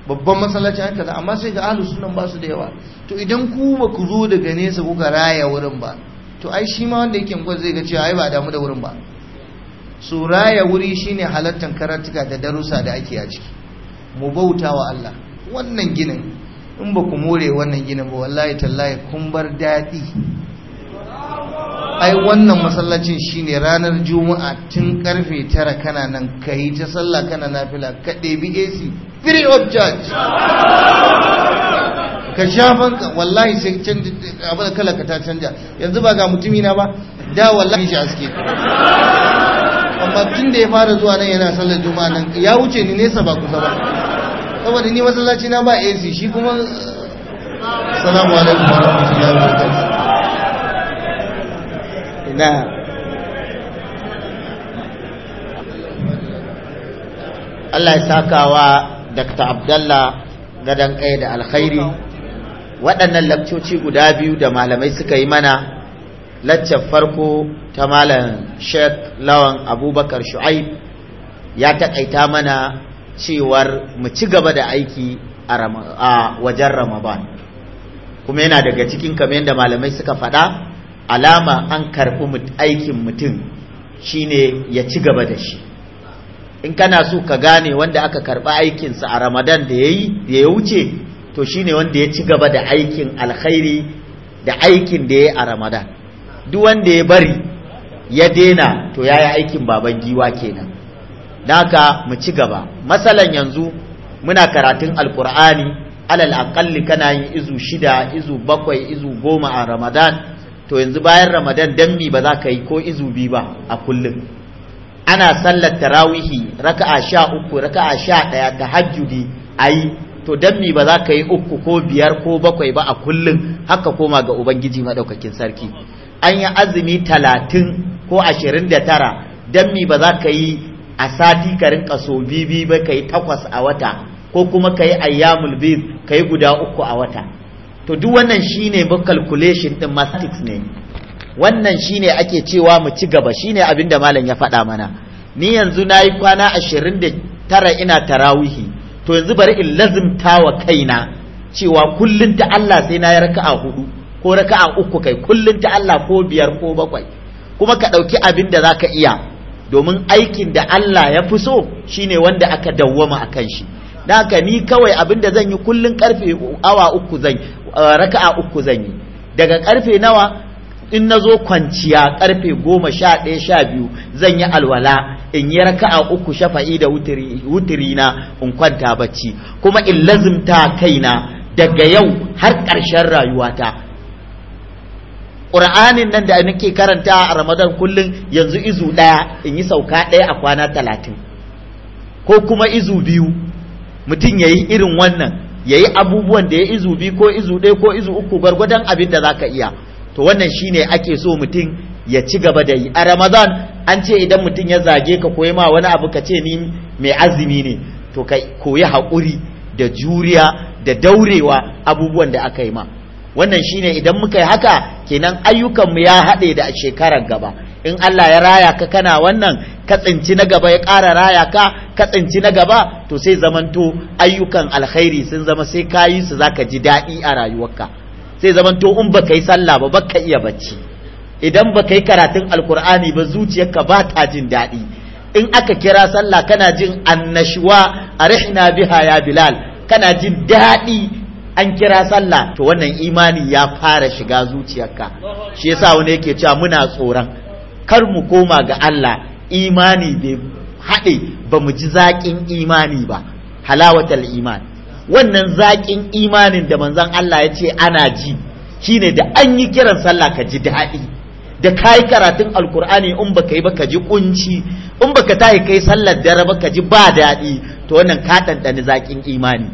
Speaker 4: babban masallaci an kaza amma sai ga ahlus sunan ba su da yawa to idan ku ba ku zo daga nesa kuka raya wurin ba to ai shi ma wanda yake unguwar zai ga cewa ai ba damu da wurin ba su raya wuri shine halattan karatuka da darussa da ake a ciki mu bauta wa Allah wannan ginin in ba ku more wannan ginin ba wallahi tallahi kun bar daɗi ai wannan masallacin shine ranar juma'a tun karfe tara kana nan ka yi ta sallah kana nafila ka ɗebi ac free of charge ka shafan ka wallahi sai canji abu da kala ka ta canja yanzu ba ga mutumi na ba da wallahi shi aske amma tun da ya fara zuwa nan yana sallar juma'a nan ya wuce ni nesa ba kusa ba saboda ni masallaci na ba ac shi kuma salamu alaikum warahmatullahi wabarakatuh
Speaker 2: Allah ya sakawa Dr. abdullah gadon ƙaya da alkhairi waɗannan lakcoci guda biyu da malamai suka yi mana laccar farko ta malam Sheikh Lawan Abubakar Shu'aib ya taƙaita mana cewar mu ci gaba da aiki a wajen Ramadan kuma yana daga cikin kamar yadda malamai suka faɗa alama an karɓi aikin mutum shine ya ci gaba da shi in kana so ka gane wanda aka karɓi aikinsa a ramadan da ya yi da ya wuce to shine wanda ya ci gaba da aikin alkhairi da aikin da ya yi a ramadan duk wanda ya bari ya dena to ya yi aikin baban giwa kenan naka mu ci gaba masalan yanzu muna karatun alkur'ani alal akalli kana yin izu shida izu bakwai izu goma a ramadan to yanzu bayan ramadan dammi ba za ka yi ko izubi ba a kullum ana sallar tarawihi raka'a sha uku raka'a sha ɗaya ta hajjudi a yi to dammi ba za ka yi uku ko biyar ko bakwai ba a kullum haka koma ga ubangiji maɗaukakin sarki an yi azumi talatin ko ashirin da tara dammi ba za ka yi a sati ka rinka so bibi ba ka yi takwas a wata ko kuma ka yi ayyamul bid ka yi guda uku a wata to duk wannan shine bu calculation din mathematics ne wannan shine ake cewa mu ci gaba shine abin da malam ya faɗa mana ni yanzu nayi kwana ashirin da tara ina tarawihi to yanzu bari in lazimta wa kaina cewa kullun ta Allah sai na yi raka'a hudu ko raka'a uku kai kullun ta Allah ko biyar ko bakwai kuma ka ɗauki abin da za ka iya domin aikin da Allah ya fi so shine wanda aka dawwama a kan shi da ni kawai abin da zan yi kullun karfe awa uku zan eh, raka'a uku zan yi daga karfe nawa in na zo kwanciya karfe goma sha ɗaya sha biyu zan yi alwala in yi raka'a uku shafa'i da wutiri na in kwanta bacci kuma in lazimta kaina daga yau har ƙarshen rayuwata ƙur'anin nan da nake karanta a ramadan kullum yanzu izu ɗaya in yi sauka ɗaya a kwana talatin ko kuma izu biyu mutum ya yi irin wannan ya yi abubuwan da ya izu bi ko izu ɗaya ko izu uku gwargwadon abin da za ka iya to wannan shi ne ake so mutum ya ci gaba da yi a ramadan an ce idan mutum ya zage ka koyi ma wani abu ka ce ni mai azumi ne to ka koyi haƙuri da juriya da daurewa abubuwan da aka yi ma wannan shi ne idan muka yi haka kenan ayyukanmu ya haɗe da shekarar gaba in Allah ya raya ka kana wannan ka tsinci na gaba ya ƙara raya ka ka tsinci na gaba to sai zamanto ayyukan alkhairi sun zama sai ka yi su zaka ji daɗi a rayuwarka sai zamanto in baka yi sallah ba baka iya bacci idan baka yi karatun alkur'ani ba zuciyarka ba ta jin daɗi in aka kira sallah kana jin annashuwa arihna biha ya bilal kana jin daɗi an kira sallah to wannan imani ya fara shiga zuciyarka shi yasa wani yake cewa muna tsoron kar mu koma ga Allah imani bai haɗe ba mu ji zaƙin imani ba halawatal iman wannan zaƙin imanin da manzon Allah ya ce ana ji shine da an yi kiran sallah ka ji daɗi da ka yi karatun alkur'ani in baka yi ba ka ji kunci in baka tahi kai sallar dare ba ka ji ba daɗi to wannan ka ɗanɗani zaƙin imani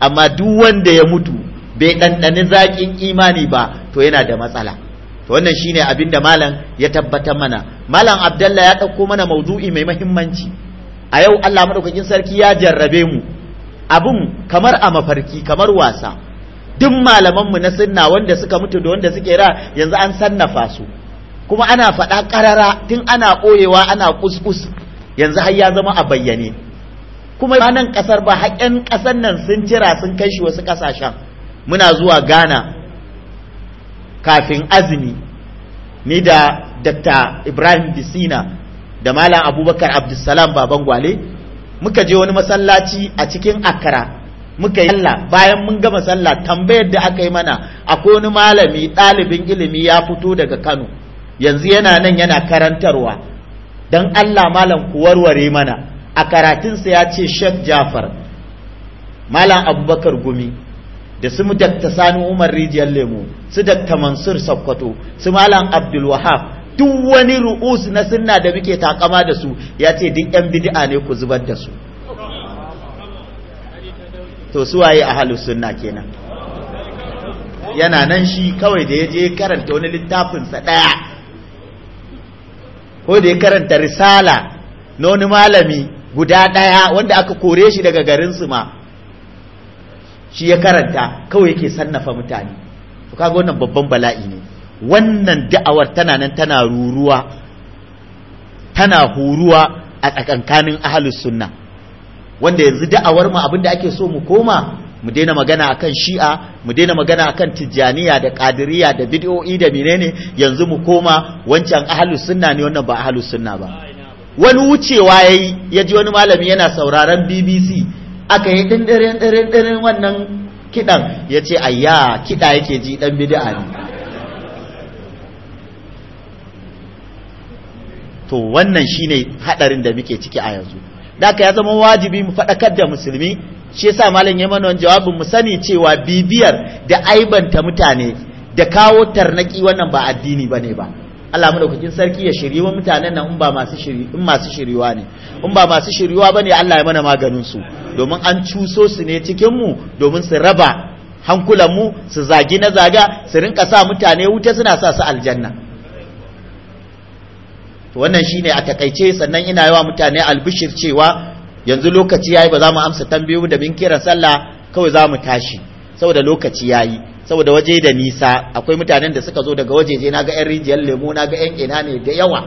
Speaker 2: amma duk wanda ya mutu bai ɗanɗani zaƙin imani ba to yana da matsala to wannan shine abin da malam ya tabbatar mana malam abdallah ya ɗauko mana mauzu'i mai mahimmanci a yau allah maɗaukakin sarki ya jarrabe mu abin kamar a mafarki kamar wasa duk malamanmu na sunna wanda suka mutu da wanda suke ra yanzu an sannafa su kuma ana faɗa ƙarara tun ana ɓoyewa ana kuskus yanzu har ya zama a bayyane kuma nan ƙasar ba haƙƙin ƙasar nan sun cira sun kai shi wasu ƙasashen muna zuwa ghana kafin azumi ni da Dr. Ibrahim Bisina da Malam Abubakar Abdulsalam Baban Gwale muka je wani masallaci a cikin Akara muka yi Allah bayan mun gama sallah tambayar da aka yi mana akwai wani malami ɗalibin ilimi ya fito daga Kano yanzu yana nan yana karantarwa don Allah malam ku warware mana a karatunsa ya ce Sheikh Jafar Malam Abubakar Gumi da su dakta sani umar rijiyar lemu su dakta mansur sakkwato su malam abdul duk wani ru'us na sunna da muke takama da su ya ce duk yan bid'a ne ku zubar da su to su waye ahlus sunna kenan yana nan shi kawai da ya je karanta wani littafinsa ɗaya ko da ya karanta risala na wani malami guda ɗaya wanda aka kore shi daga garinsu ma shi ya karanta kawai yake sannafa mutane to kaga wannan babban bala'i ne wannan da'awar tana nan tana ruruwa tana huruwa a tsakankanin ahlus sunna wanda yanzu da'awar mu abin da ake so mu koma mu daina magana akan shi'a mu daina magana akan tijjaniya da qadiriyya da bid'o'i da menene yanzu mu koma wancan ahlus sunna ne wannan ba ahlus sunna ba wani wucewa yayi yaji wani malami yana sauraron BBC aka yi ɗin ɗirin ɗirin wannan kiɗan ya ce ayya kiɗa yake ji ɗan bidi'a ne to wannan shine haɗarin da muke ciki a yanzu da ya zama wajibi mu faɗakar da musulmi shi yasa malam ya mana jawabin mu sani cewa bibiyar da aibanta mutane da kawo tarnaki wannan ba addini bane ba, ne ba. Allah madaukakin sarki ya shiri wa mutanen nan in ba masu shiri in masu shiriwa ne in ba masu shiriwa bane Allah ya mana maganin su domin an cuso su ne cikin mu domin su raba hankulan mu su zagi na zaga su rinka sa mutane wuta suna sa su aljanna to wannan shine a takaice sannan ina yawa mutane albishir cewa yanzu lokaci yayi ba za mu amsa tambayoyi da min kiran sallah kawai za mu tashi saboda lokaci yayi saboda waje da nisa akwai mutanen da suka zo daga wajeje na ga 'yan rijiyar lemo na ga 'yan ina ne da yawa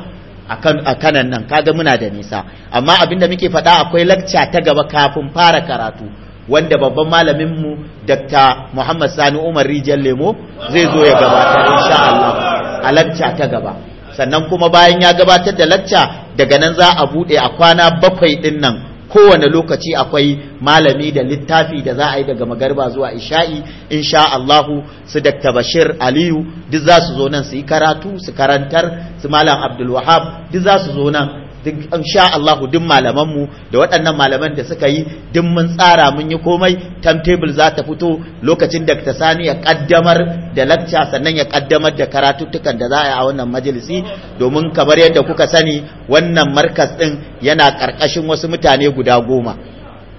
Speaker 2: a kanan nan kaga muna da nisa amma abinda muke faɗa akwai lakca ta gaba kafin fara karatu wanda babban malaminmu dr muhammad sani umar rijiyar lemo zai zo ya gabatar insha Allah a lakca ta gaba sannan kuma bayan ya gabatar da lakca daga nan za a buɗe a kwana bakwai ɗin nan kowane lokaci akwai malami da littafi da za a yi daga magarba zuwa isha'i insha Allahu su da Bashir Aliyu duk za su zo nan su yi karatu su karantar su Malam Abdulwahab duk za su zo nan duk sha Allahu duk malaman mu da waɗannan malaman da suka yi duk mun tsara mun yi komai timetable za ta fito lokacin da ta sani ya kaddamar da lecture sannan ya kaddamar da karatuttukan da za a yi a wannan majalisi domin kamar yadda kuka sani wannan markas ɗin yana karkashin wasu mutane guda goma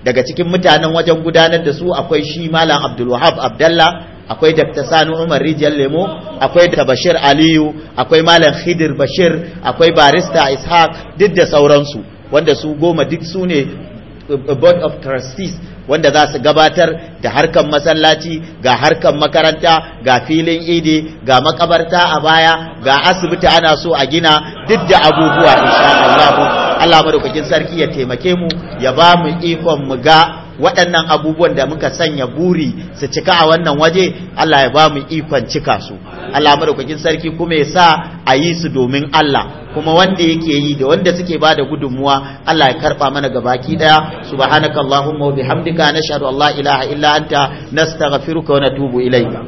Speaker 2: daga cikin mutanen wajen gudanar da su akwai shi malam Abdul Wahab Abdallah akwai Dr. Sani Umar Rijiyar Lemo, akwai Dr. Bashir Aliyu, akwai Malam Khidir Bashir, akwai Barista Ishaq duk da sauransu, wanda su goma duk su ne uh, Board of Trustees wanda za su gabatar da harkan masallaci ga harkan makaranta ga filin idi ga makabarta a baya ga asibiti ana so a gina duk da abubuwa insha Allah Allah madaukakin sarki ya taimake mu ya ba mu ikon mu ga waɗannan abubuwan da muka sanya buri su cika a wannan waje Allah ya ba mu ikon cika su Allah madaukakin sarki kuma ya sa a yi su domin Allah kuma wanda yake yi da wanda suke ba da gudunmuwa Allah ya karba mana gabaki daya subhanaka allahumma wa bihamdika nashhadu an la ilaha illa anta nastaghfiruka wa natubu ilayka